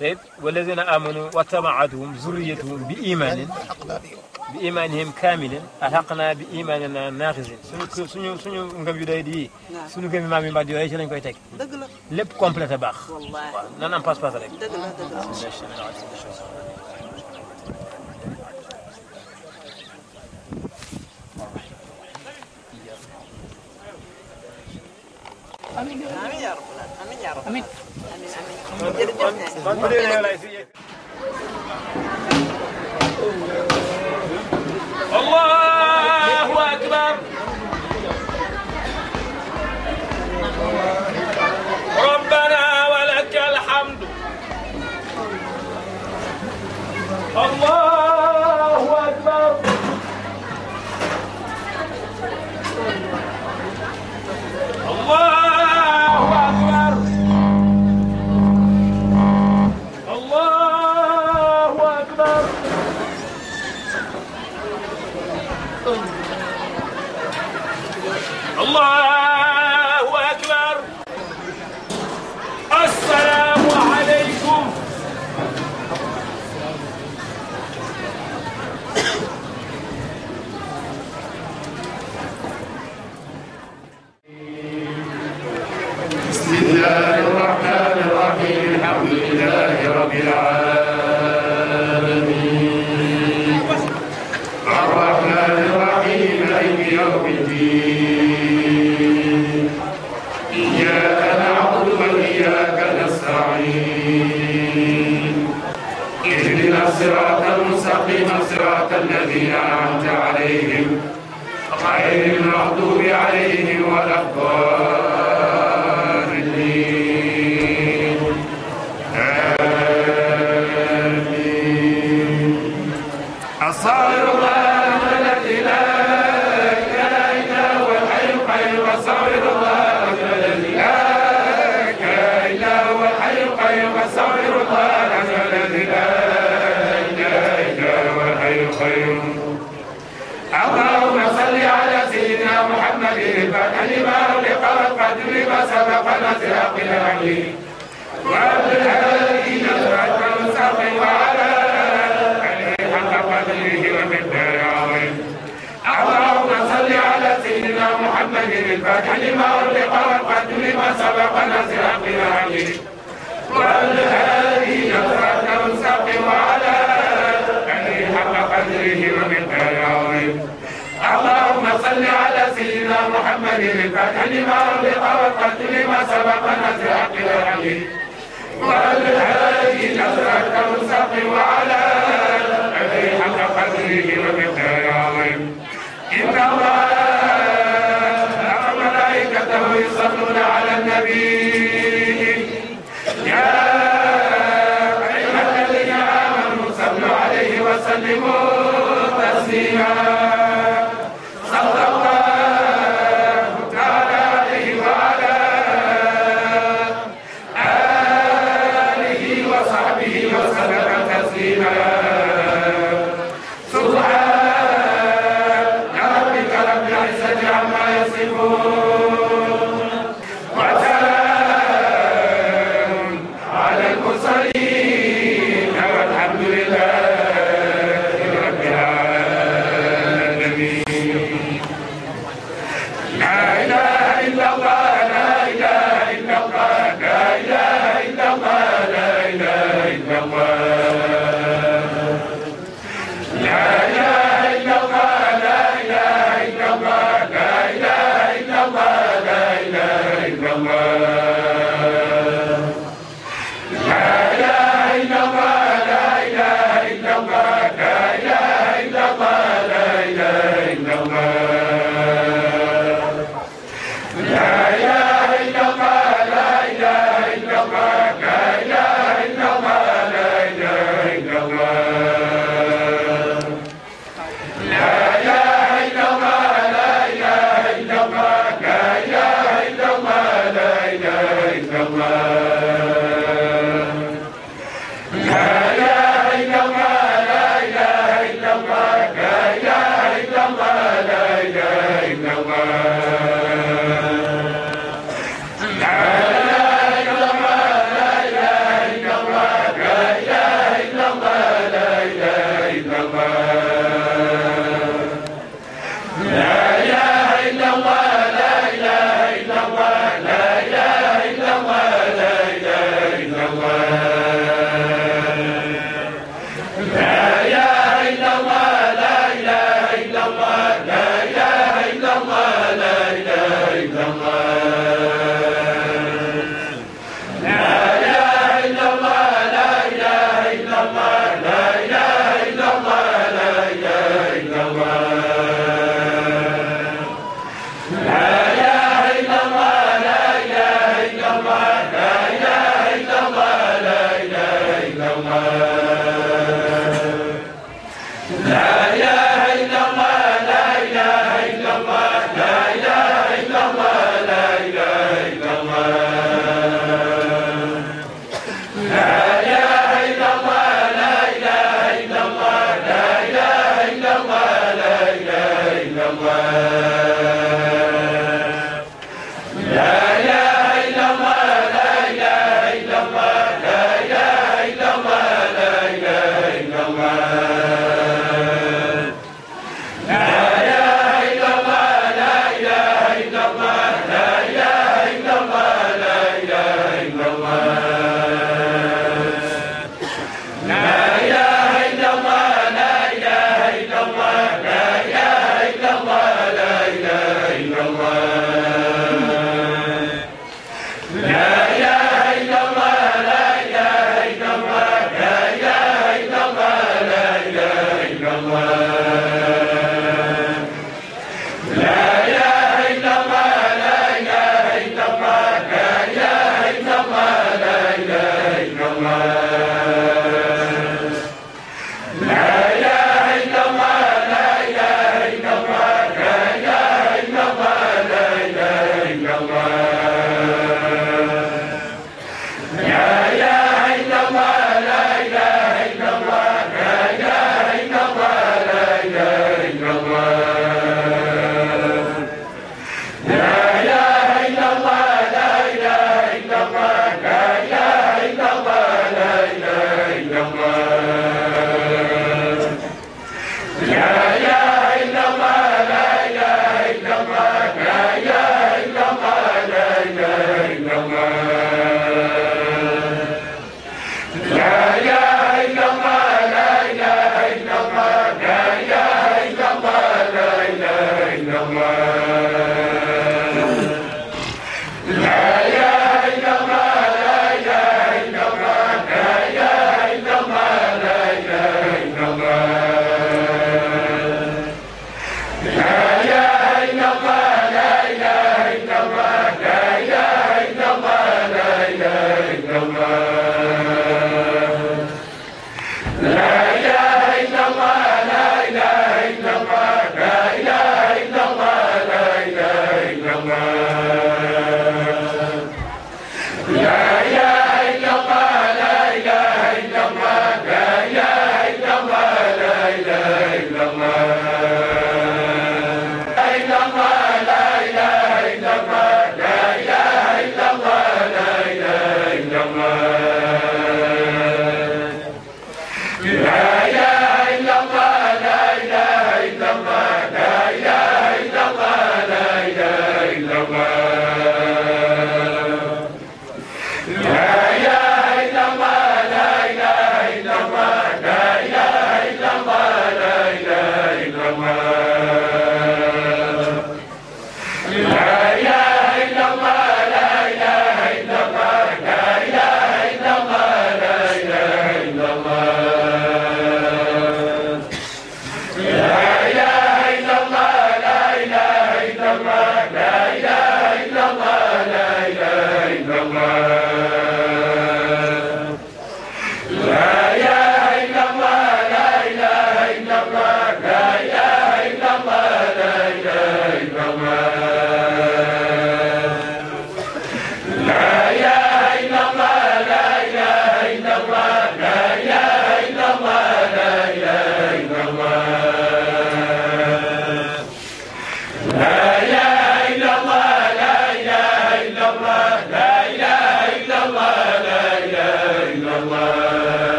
te it wallazina amanu wa tabaatuhum zurriyatuhum bi imaanin bi imaanihim kaamilin alxaqnaa bi imaanina naaxisin suñu suñu suñu ngëm yu doy di suñu ngëm maam yi mbad yooyu ci lañ koy teg lépp complété baax waaw nan am pas-pas rek amiin amiin yaa rabbal aalamiin yaa rabbal aalamiin amiin jërëjëf kon bu dee lay fi Allah سبقنا سراق العقل وعبد الهادي نصرة المستقم وعلى عليه حق قدره ومن اللهم صل على سيدنا محمد الفاتح لما أغلق والقدر لما سبق نصر العقل والهادي نصرة المستقم وعلى عليه حق قدره ومن اللهم صل على محمد الفاتح لما أغلق والقتل لما سبق نزل عقل الحميد وعلى الهادي نصرة المستقيم وعلى عليه حق قدره ومقدار عظيم إن الله وملائكته يصلون على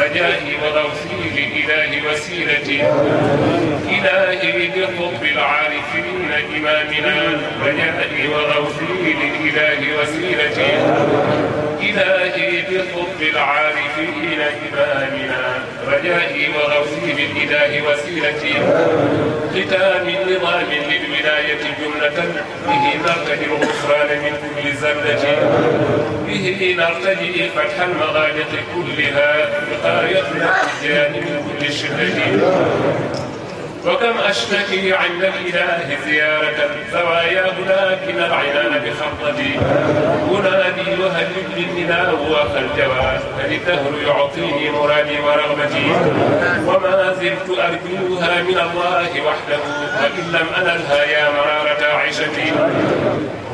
رجائي وتوفيق الإله وسيلتي إلهي بحب العارفين إمامنا رجائي وتوفيق الإله وسيلتي إلهي بحب العارفين إمامنا رجائي وتوفيق الإله وسيلتي ختام نظام للولاية جملة به نرتدي الغفران من كل زلة به نرتدي فتح المغالق كلها بها وقايتنا الرجال من كل شدة وكم أشتكي عند الإله زيارة زوايا هناك العنان بخطبي هنا أبي وهب بالنداء وخلجوات فالدهر يعطيني مرادي ورغبتي وما زلت أرجوها من الله وحده فإن لم أنلها يا مرارة عيشتي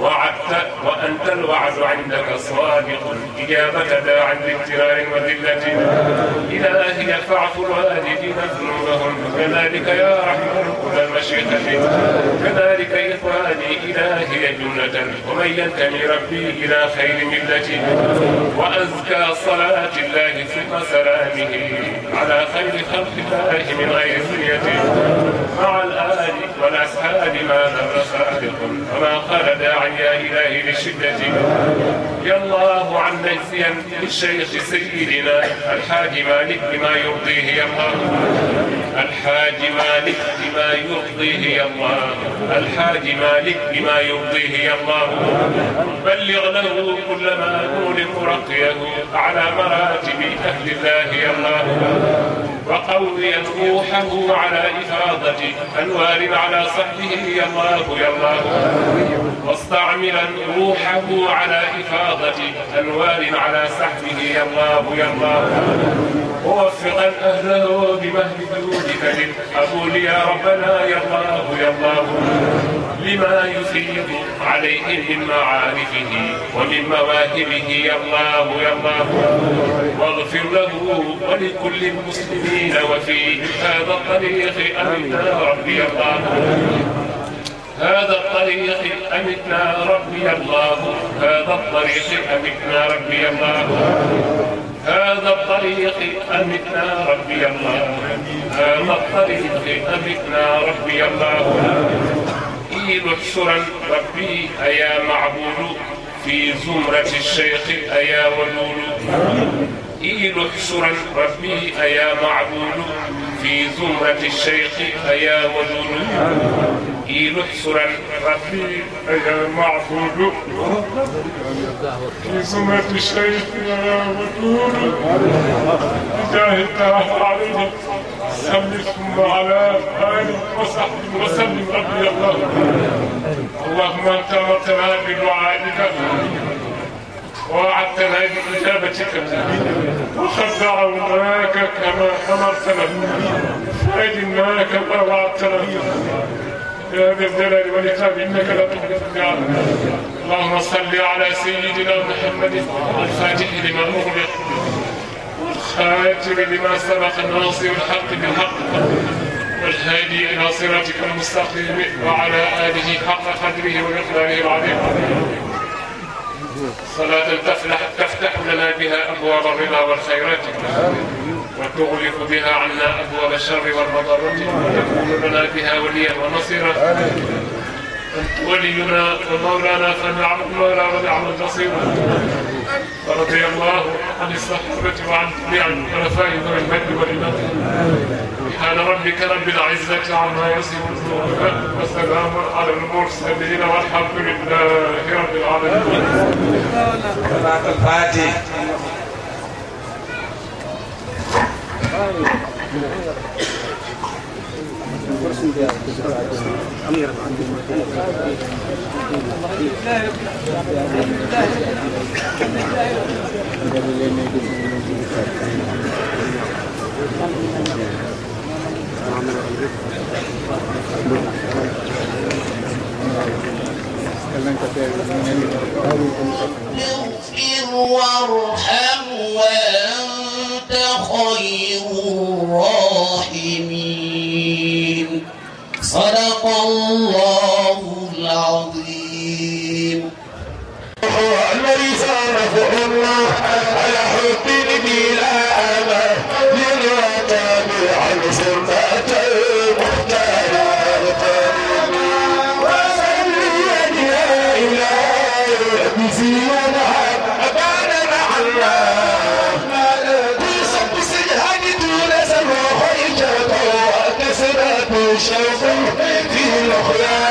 وعدت وأنت الوعد عندك صادق إجابة داعا باضطرار وذلة إلهي فاعف الوالدين ذنوبهم كذلك يا رحمه هدى وشيخه كذلك إخواني إلهي جملة ومن ينتمي ربي إلى خير ملتي وأزكى صلاة الله ثم سلامه على خير خلق الله من غير سنيته مع الآل والأسهال ما ذر صادق وما قال داعي يا إلهي لشدتي يا الله عن نجزيا للشيخ سيدنا الحاج مالك بما يرضيه يا الله الحاج مالك مالك بما يرضيه الله الحاج مالك بما يرضيه الله بلغ له كل ما نولق رقيه على مراتب أهل الله الله وقويت روحه على إفاضة أنوار على صحبه يا الله يا الله واستعملا روحه على إفاضة أنوار على صحبه يا الله يا الله ووفقا أهله بمهد جودك أقول يا ربنا يا الله يا الله لما يفيد عليه من معارفه ومن مواهبه يا الله يا الله واغفر له ولكل المسلمين المسلمين وفي هذا الطريق أمنا ربي الله هذا الطريق أمتنا ربي الله هذا الطريق أمتنا ربي الله هذا الطريق أمتنا ربي الله هذا الطريق أمتنا ربي الله نحشرا ربي أيا معبود في زمرة الشيخ أيا ولول إي نحشرا ربي أيا معبود في زمرة الشيخ أيا ودود إي نحشرا ربي أيا معبود في زمرة الشيخ أيا ودود بجاه الله عليه سلم ثم على آله وصحبه وسلم ربي الله اللهم أنت مرتبها بدعائك ووعدتنا بإجابتك وقد دعوناك كما أمرتنا فأجبناك كما وعدتنا يا ذا الجلال والإكرام إنك لا تخلف الميعاد اللهم صل على سيدنا محمد الفاتح لما أغلق والخاتم لما سبق الناصر الحق بالحق والهادي إلى صراطك المستقيم وعلى آله حق قدره ومقداره العظيم صلاة تفلح تفتح لنا بها أبواب الرضا والخيرات وتغلق بها عنا أبواب الشر والمضرة وتكون لنا بها وليا ونصيرا ولينا ومولانا فنعم مولى ونعم النصير ورضي الله عن الصحابة وعن جميع الخلفاء ذوي المن والإمام سبحان ربك رب العزة عما يصفون وسلام على المرسلين والحمد لله رب العالمين. الفاتح Thank you. اغفر وارحم وانت خير الراحمين صدق الله العظيم. يا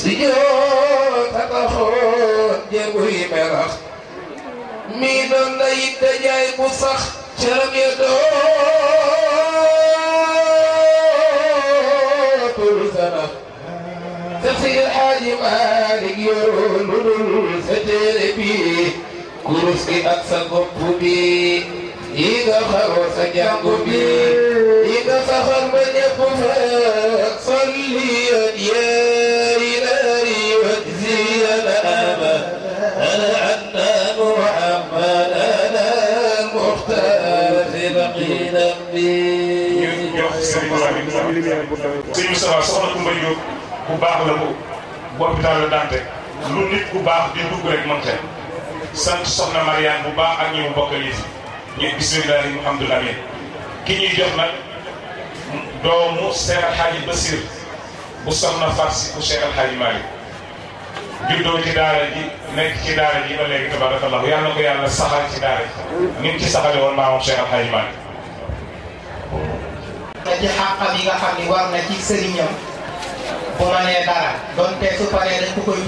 si yoo taxawoon jéego yi melax mii doon na yitte jaay bu sax caram ya dootul sana te si xaaji Maalik yoroon lu dul sa téere bi kurus gi ak sa bopp bi yi nga xaroo sa jàng bi yi nga saxal ba ñëpp fa salli yéen sëñ Moustapha soxna Koumba Diop bu baax la bu bu hôpital la Dante lu nit ku baax di dugg rek moom tey sant soxna Mariane bu baax ak ñi mu bokkal yi ñëpp bisimilah alhamdulilah amiin ki ñuy jox nag doomu Seex Alxaaji Basir bu soxna Farsi bu Seex Alxaaji Malick juddoo ci daara ji nekk ci daara ji ba léegi tabaarakallahu yàlla na ko yàlla saxal ci daara ji ni ci saxale woon maamam Seex Alxaaji Malick te ci xàqam yi nga xam ni war na ci sëriñam bu ma nee dara donte su paree dañ ko koy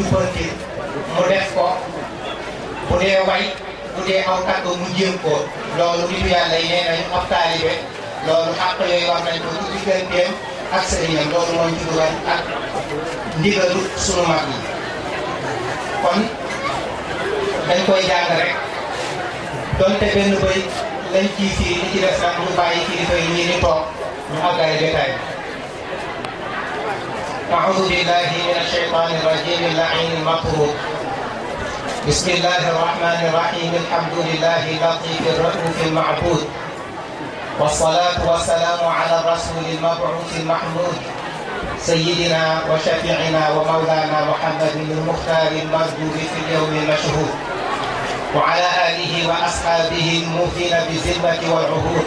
mu def ko bu dee way bu dee aw tàgg mu jéem ko loolu nitu yàlla yi nee nañu ab taalibe loolu xàq yooyu war nañ ko ci digganteem ak sëriñam loolu mooy ci dugal ak ndigalu sunu mag yi kon dañ koy jàng rek donte benn bëy lañ ciy fii li ci des nag ñu bàyyi kilifa yi ñii ni toog ñu àggale jotaay أعوذ بالله من الشيطان الرجيم اللعين المكروه بسم الله الرحمن الرحيم الحمد لله اللطيف الرؤوف المعبود والصلاة والسلام على الرسول المبعوث المحمود سيدنا وشفيعنا ومولانا محمد المختار المردود في اليوم المشهود وعلى آله وأصحابه الموفين بالذمة والعهود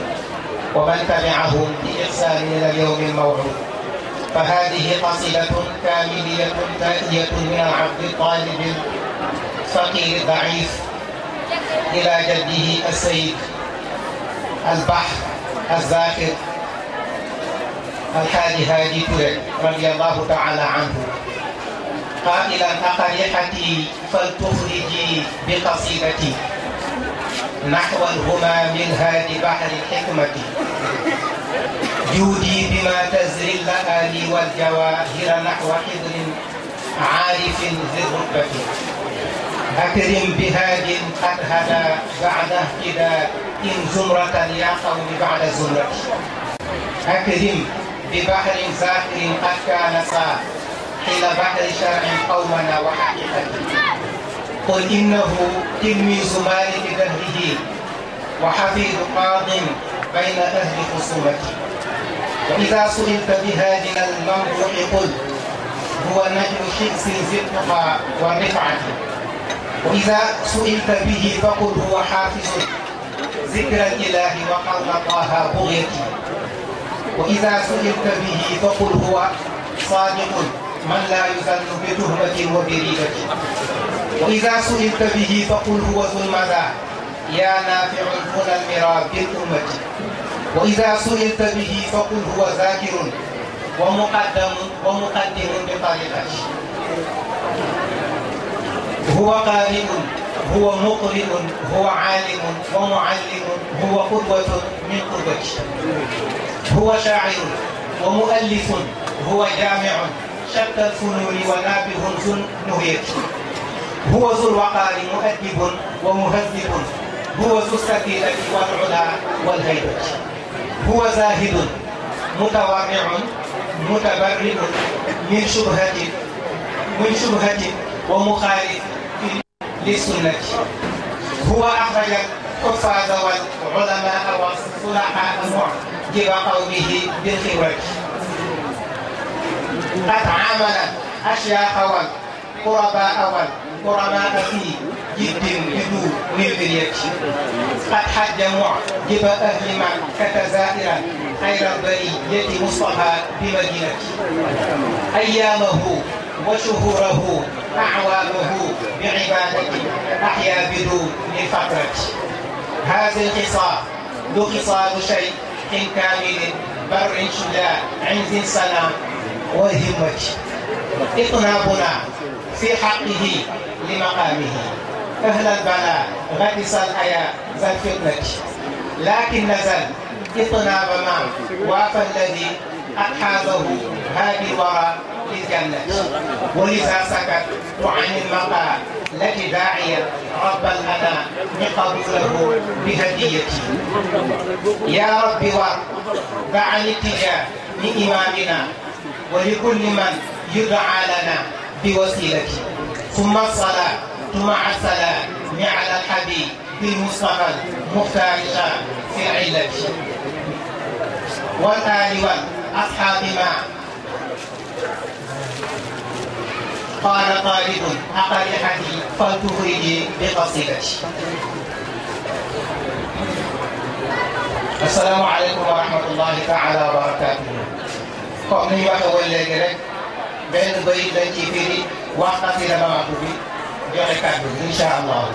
ومن تبعهم بإحسان إلى اليوم الموعود فهذه قصيدة كاملية تأتية من العبد الطالب الفقير الضعيف إلى جده السيد البحر الزاكر الحاج هادي ترك رضي الله تعالى عنه قائلا أقريحتي فلتخرجي بقصيدتي نحوهما من هاد بحر الحكمة جودي بما تزري اللآلي والجواهر نحو حبر عارف ذي الرتبة أكرم بهاد قد هدى بعد اهتداء إن زمرة يا قوم بعد زمرة أكرم ببحر ساحر قد كان صاح حين بحر شرع قومنا وحقيقته قل إنه تلميذ مالك دهره وحفيد قاض بين أهل خصومته وإذا سئلت بهادنا المنطوق قل هو نجم شمس في التقى والرفعة وإذا سئلت به فقل هو حافظ ذكر الإله وقد طه بغيتي وإذا سئلت به فقل هو صادق من لا يزن بتهمة وبريبة wa iza su'ilta bihi fa qul huwa zul maza yaa naafi'ul funal mira bil ummati wa iza su'ilta bihi fa qul huwa zakirun wa muqaddamun wa muqaddimun bi tariqati huwa qaari'un huwa muqri'un huwa aalimun wa muallimun huwa qudwatun min qudwati huwa shaa'irun wa mu'allifun huwa jaami'un shatta al-funuuni wa naabihun zun nuhyati هو ذو الوقار مؤدب ومهذب هو ذو السكينة والعلا والهيبة هو زاهد متواضع متبرئ من شبهة من شبهة ومخالف للسنة هو أخرج الحفاظ والعلماء والصلحاء معجب قومه بالخبرة قد عامل أشياخ والقرباء والقرباء قرناء فيه جد بدون مرية قد حج معجب أهل مكة زائرا خير البرية مصطفى بمدينة أيامه وشهوره أعوامه بعبادة أحيا بدون فترة هذه الخصال ذو خصال شيء كامل بر شجاع عز سلام وهمة إطنابنا في حقه لمقامه أهل البلاء غدس الحياة ذا الفتنة لكن نزل إطناب من وافى الذي أحازه هذه الورى للجنة ولذا سكت وعن المقال التي داعية رب الأنا لقبوله بهديتي يا رب وار دع الاتجاه لإمامنا ولكل من يدعى لنا بوسيلتي ثم الصلاة مع السلام على الحبيب بالمصطفى المختار في العلة والآل والأصحاب ما قال طالب أقرحتي فلتخرجي بقصيدتي السلام عليكم ورحمة الله تعالى وبركاته. comme ni ñu waxee woon léegi rek benn bayit lañ ciy firi wax xasida maam bi joxe kàddu incha allahu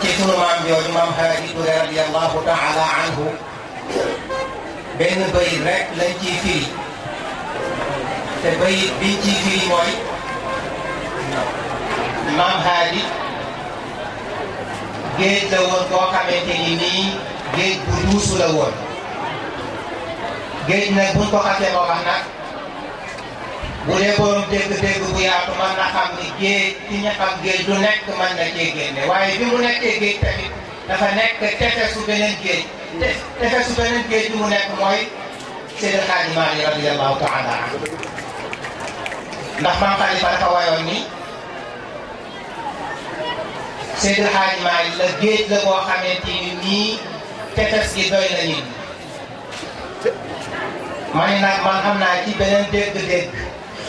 ci sunu maam jooju maam Haadi Touré radiyallahu taala anhu benn bayit rek lañ ciy firi te bayit biñ ciy firi mooy maam Haadi géej la woon boo géej bu duusu géej nag buñ ko xasee ba bu dee borom dégg bu yaatu mën na ni géej ci ñaxam géej du nekk mën na cee génne waaye bi mu nekkee géej tamit dafa nekk tefesu beneen géej. te tefesu géej bi mu nekk mooy Seydi Xaaji Maalik radiyallaahu taala anhu ndax maam Xalifa dafa wayoon ni Seydi Xaaji Maalik la géej la boo xamante ni nii tefes gi doy na nit ñi. ma nag man xam naa ci beneen dégg-dégg.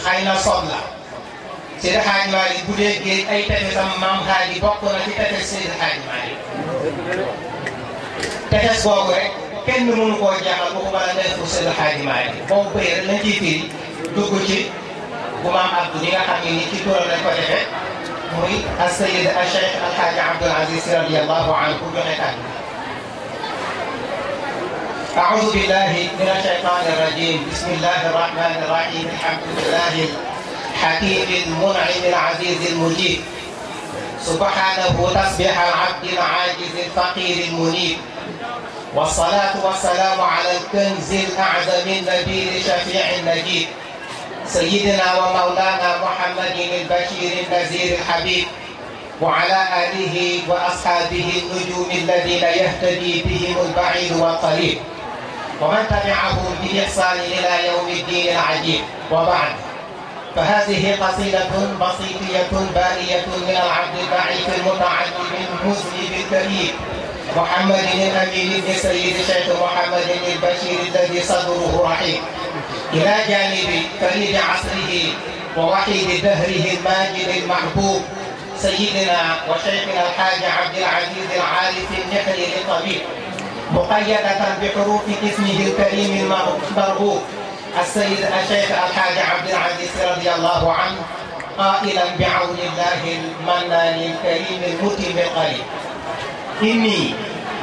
xay na sob la Seydi Xaaji Maalik bu dee géej ay tefesam maam xaaji bokk na ci tefes Seydi Xaaji Maalik tefes boobu rek kenn mënu koo jàngal bu ko mën a def pour Maalik boobu bëri rek lañ ciy firi dugg maam Abdu ni nga xam ne ni ko defee muy al-Cheikh al-Xaaji Abdul Aziz radiyallahu anhu joxe kàddu أعوذ بالله من الشيطان الرجيم بسم الله الرحمن الرحيم الحمد لله الحكيم المنعم العزيز المجيب سبحانه تسبح العبد العاجز الفقير المنيب والصلاة والسلام على الكنز الأعظم النبي الشفيع النجيب سيدنا ومولانا محمد البشير النذير الحبيب وعلى آله وأصحابه النجوم الذين يهتدي بهم البعيد والقريب ومن تبعهم بإحسان إلى يوم الدين العجيب وبعد فهذه قصيدة بسيطية بارية من العبد الضعيف المتعلم المذنب الكريم محمد الأمين بن سيد شيخ محمد البشير الذي صدره رحيم إلى جانب فريد عصره ووحيد دهره الماجد المحبوب سيدنا وشيخنا الحاج عبد العزيز العارف النحلي الطبيب مقيدة بحروف اسمه الكريم المرغوب السيد الشيخ الحاج عبد العزيز رضي الله عنه قائلا بعون الله المنان الكريم المتم القريب إني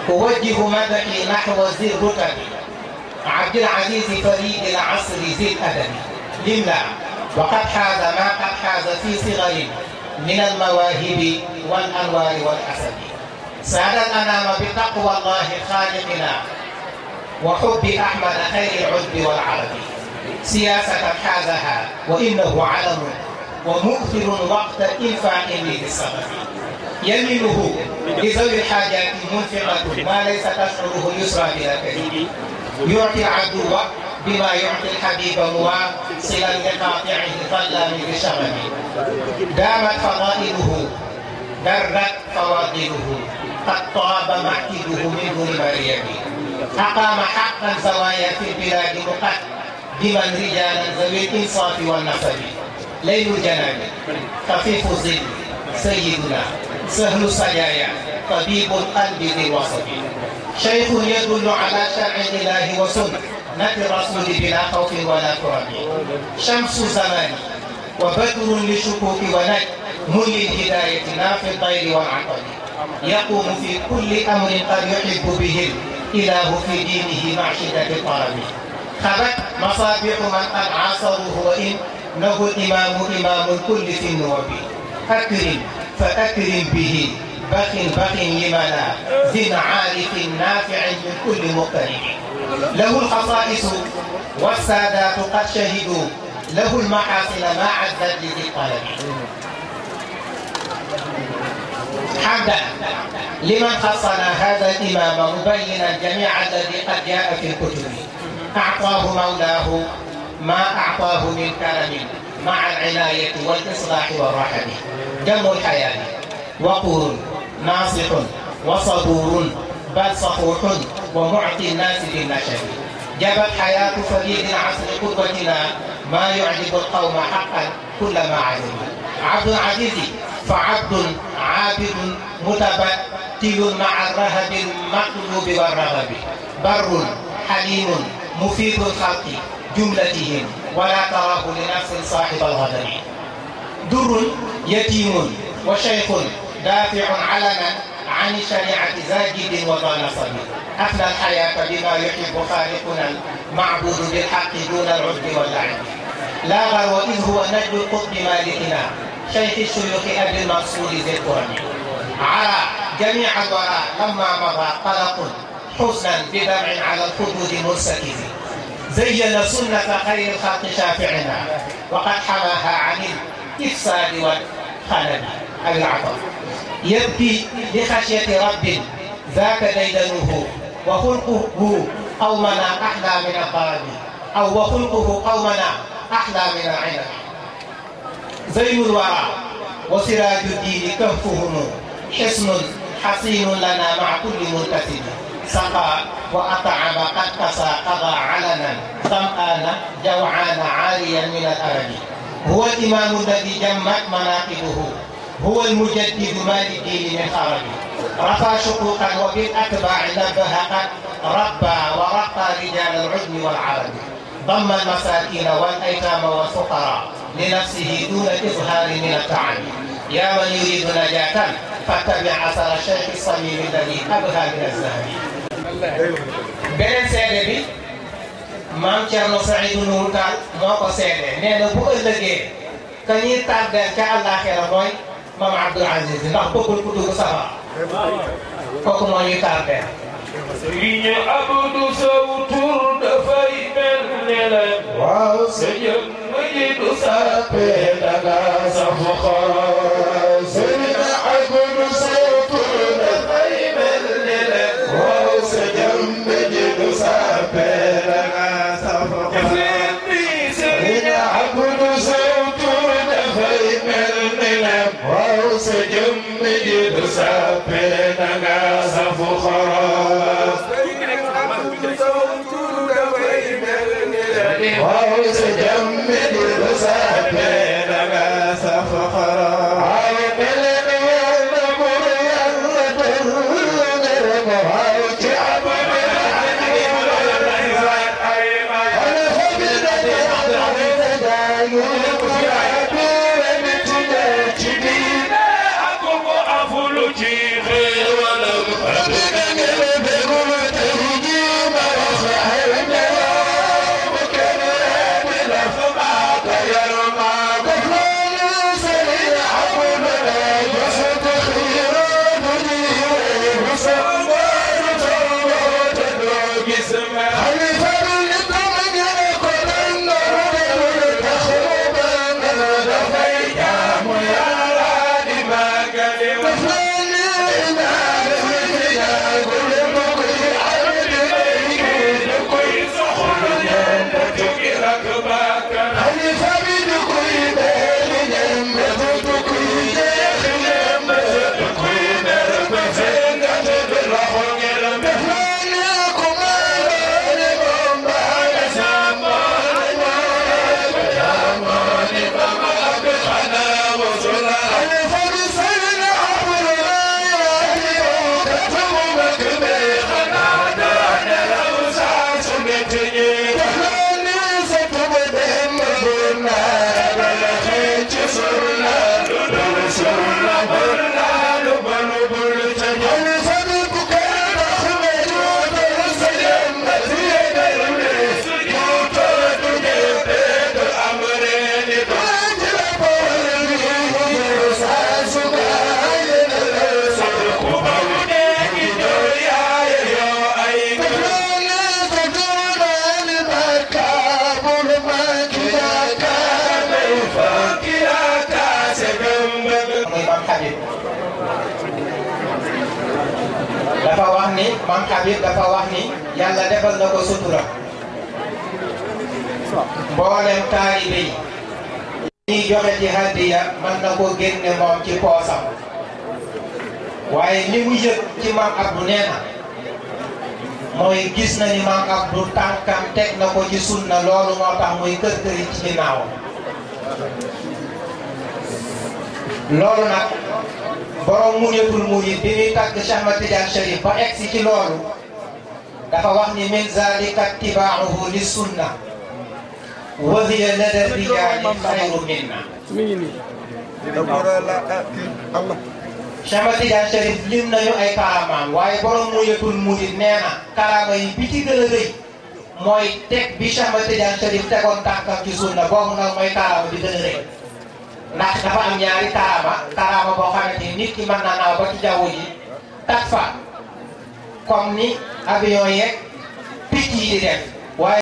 أوجه مدحي نحو ذي الرتب عبد العزيز فريد العصر ذي الأدب لملا وقد حاز ما قد حاز في صغر من المواهب والأنوار والحسب سأل الأنام بتقوى الله خالقنا وحب أحمد خير العذب والعرب سياسة حازها وإنه علم ومؤثر وقت إنفاق به السبب يمينه لذوي الحاجات منفقة ما ليس تشعره يسرى بلا كريم يعطي العدو بما يعطي الحبيب مواصلا لقاطعه قل من شغبه دامت فضائله درت فواضله قد طاب معتده منه المريم أقام حقا زوايا في البلاد مقدما رجالا ذوي الإنصاف والنسب ليل الجنان خفيف الظل سيدنا سهل سجايا طبيب القلب ذي الوسط شيخ يدل على شرع الله وسنة الرسول بلا خوف ولا كرم شمس زمان وبدر لشكوك ونجم من للهداية نافي الطير والعقل yaqumu fi kulli amrin qad yuhibbu bihi ilahu fi dinihi ma shiddati talabi xabat masabihu man qad asaruhu wa in lahu imamu imamun kulli sinni wa bi akrim fa akrim bihi baxin baxin limana zin aarifin naafiin min kulli muqtarib lahu lxasaisu والسادات قد شهدوا له المحاسن ما عدت لذي الطلب حمدا لمن خصنا هذا الإمام مبينا جميع الذي قد جاء في الكتب أعطاه مولاه ما أعطاه من كرم مع العناية والإصلاح والرحم دم الحياة وقور ناصح وصبور بل صفوح ومعطي الناس بالنشر jabat xayaatu faridin asri qurbatina maa yujibu alqawma xaqan kulla ma alima abdul azizi fa abdun aabidun mutabattilun maa rahabi almaqlubi warrahabi barrun xalimun mufidu lxalqi jumlatihim wala tarahu li nafsin saaxiba alxadari durrun yatimun wa cheikhun daafiun alanan عن الشريعة زاجد وضال صديق أفنى الحياة بما يحب خالقنا المعبود بالحق دون العجب واللعب لا غرو إذ هو نجل قطب مالكنا شيخ الشيوخ أبي المقصود ذي القرن على جميع الورى لما مضى قلق حسنا بدمع على الخدود مرسكز زين سنة خير الخلق شافعنا وقد حماها عن الإفساد والخلل العطاء يبكي لخشية رب ذاك ديدنه وخلقه قومنا أحلى من الضرب أو وخلقه قومنا أحلى من العنب زين الورى وسراج الدين كهفهم حصن حصين لنا مع كل منتسب سقى وأطعم قد كسى قضى علنا ظمآن جوعان عاريا من الأرب هو الإمام الذي جمت مناقبه هو المجدد مالكي لمحرم رفع شقوقا وبالاتباع نبهقا ربى ورقى رجال العجم والعرب ضم المساكين والايتام والفقراء لنفسه دون اظهار من التعب يا من يريد نجاة فاتبع اثر الشيخ الصميم الذي ابهى من الذهب. beneen seede bi maam Thierno Saïdou Nourou Tall moo ko seede nee na bu ëllëgee ka ñuy tàggal ca àllaaxira mooy. maam Abdou Aziz ndax bëggul ku dugg safara kooku moo ñuy tardé. Sëriñ Abdou Sow tur dafay mel ne la. waaw sa jëm ma ji du sape danga saf xorom. سيد سبيل نغاز فخرا وهو سجمد الرسالة yàlla defar na ko sutura mboolem taalibe yi ñuy joxe ci hadiya mën na ko génne moom ci poosam waaye li mu yëg ci maam Abdou nee na mooy gis na ni maam Abdou tànkam teg na ko ci sunna loolu moo tax muy kër këri ci ginnaaw loolu nag borom mu ñëtul mu bi muy tàgg Cheikh Ahmad ba egsi ci loolu dafa wax ni min zalika ittibaahu li sunna wa hiya lada rijaali xayru minna Cheikh Tidiane Chérif lim nañu ay karaamaam waaye borom mu yëtul mu di nee na yi bi ci gën mooy teg bi Cheikh Tidiane Chérif tegoon tànkam ci sunna boobu nag mooy karaama bi gën a dafa am ñaari karaama karaama boo xamante nit ki ba ci jaww fa comme ni avion yeeg picc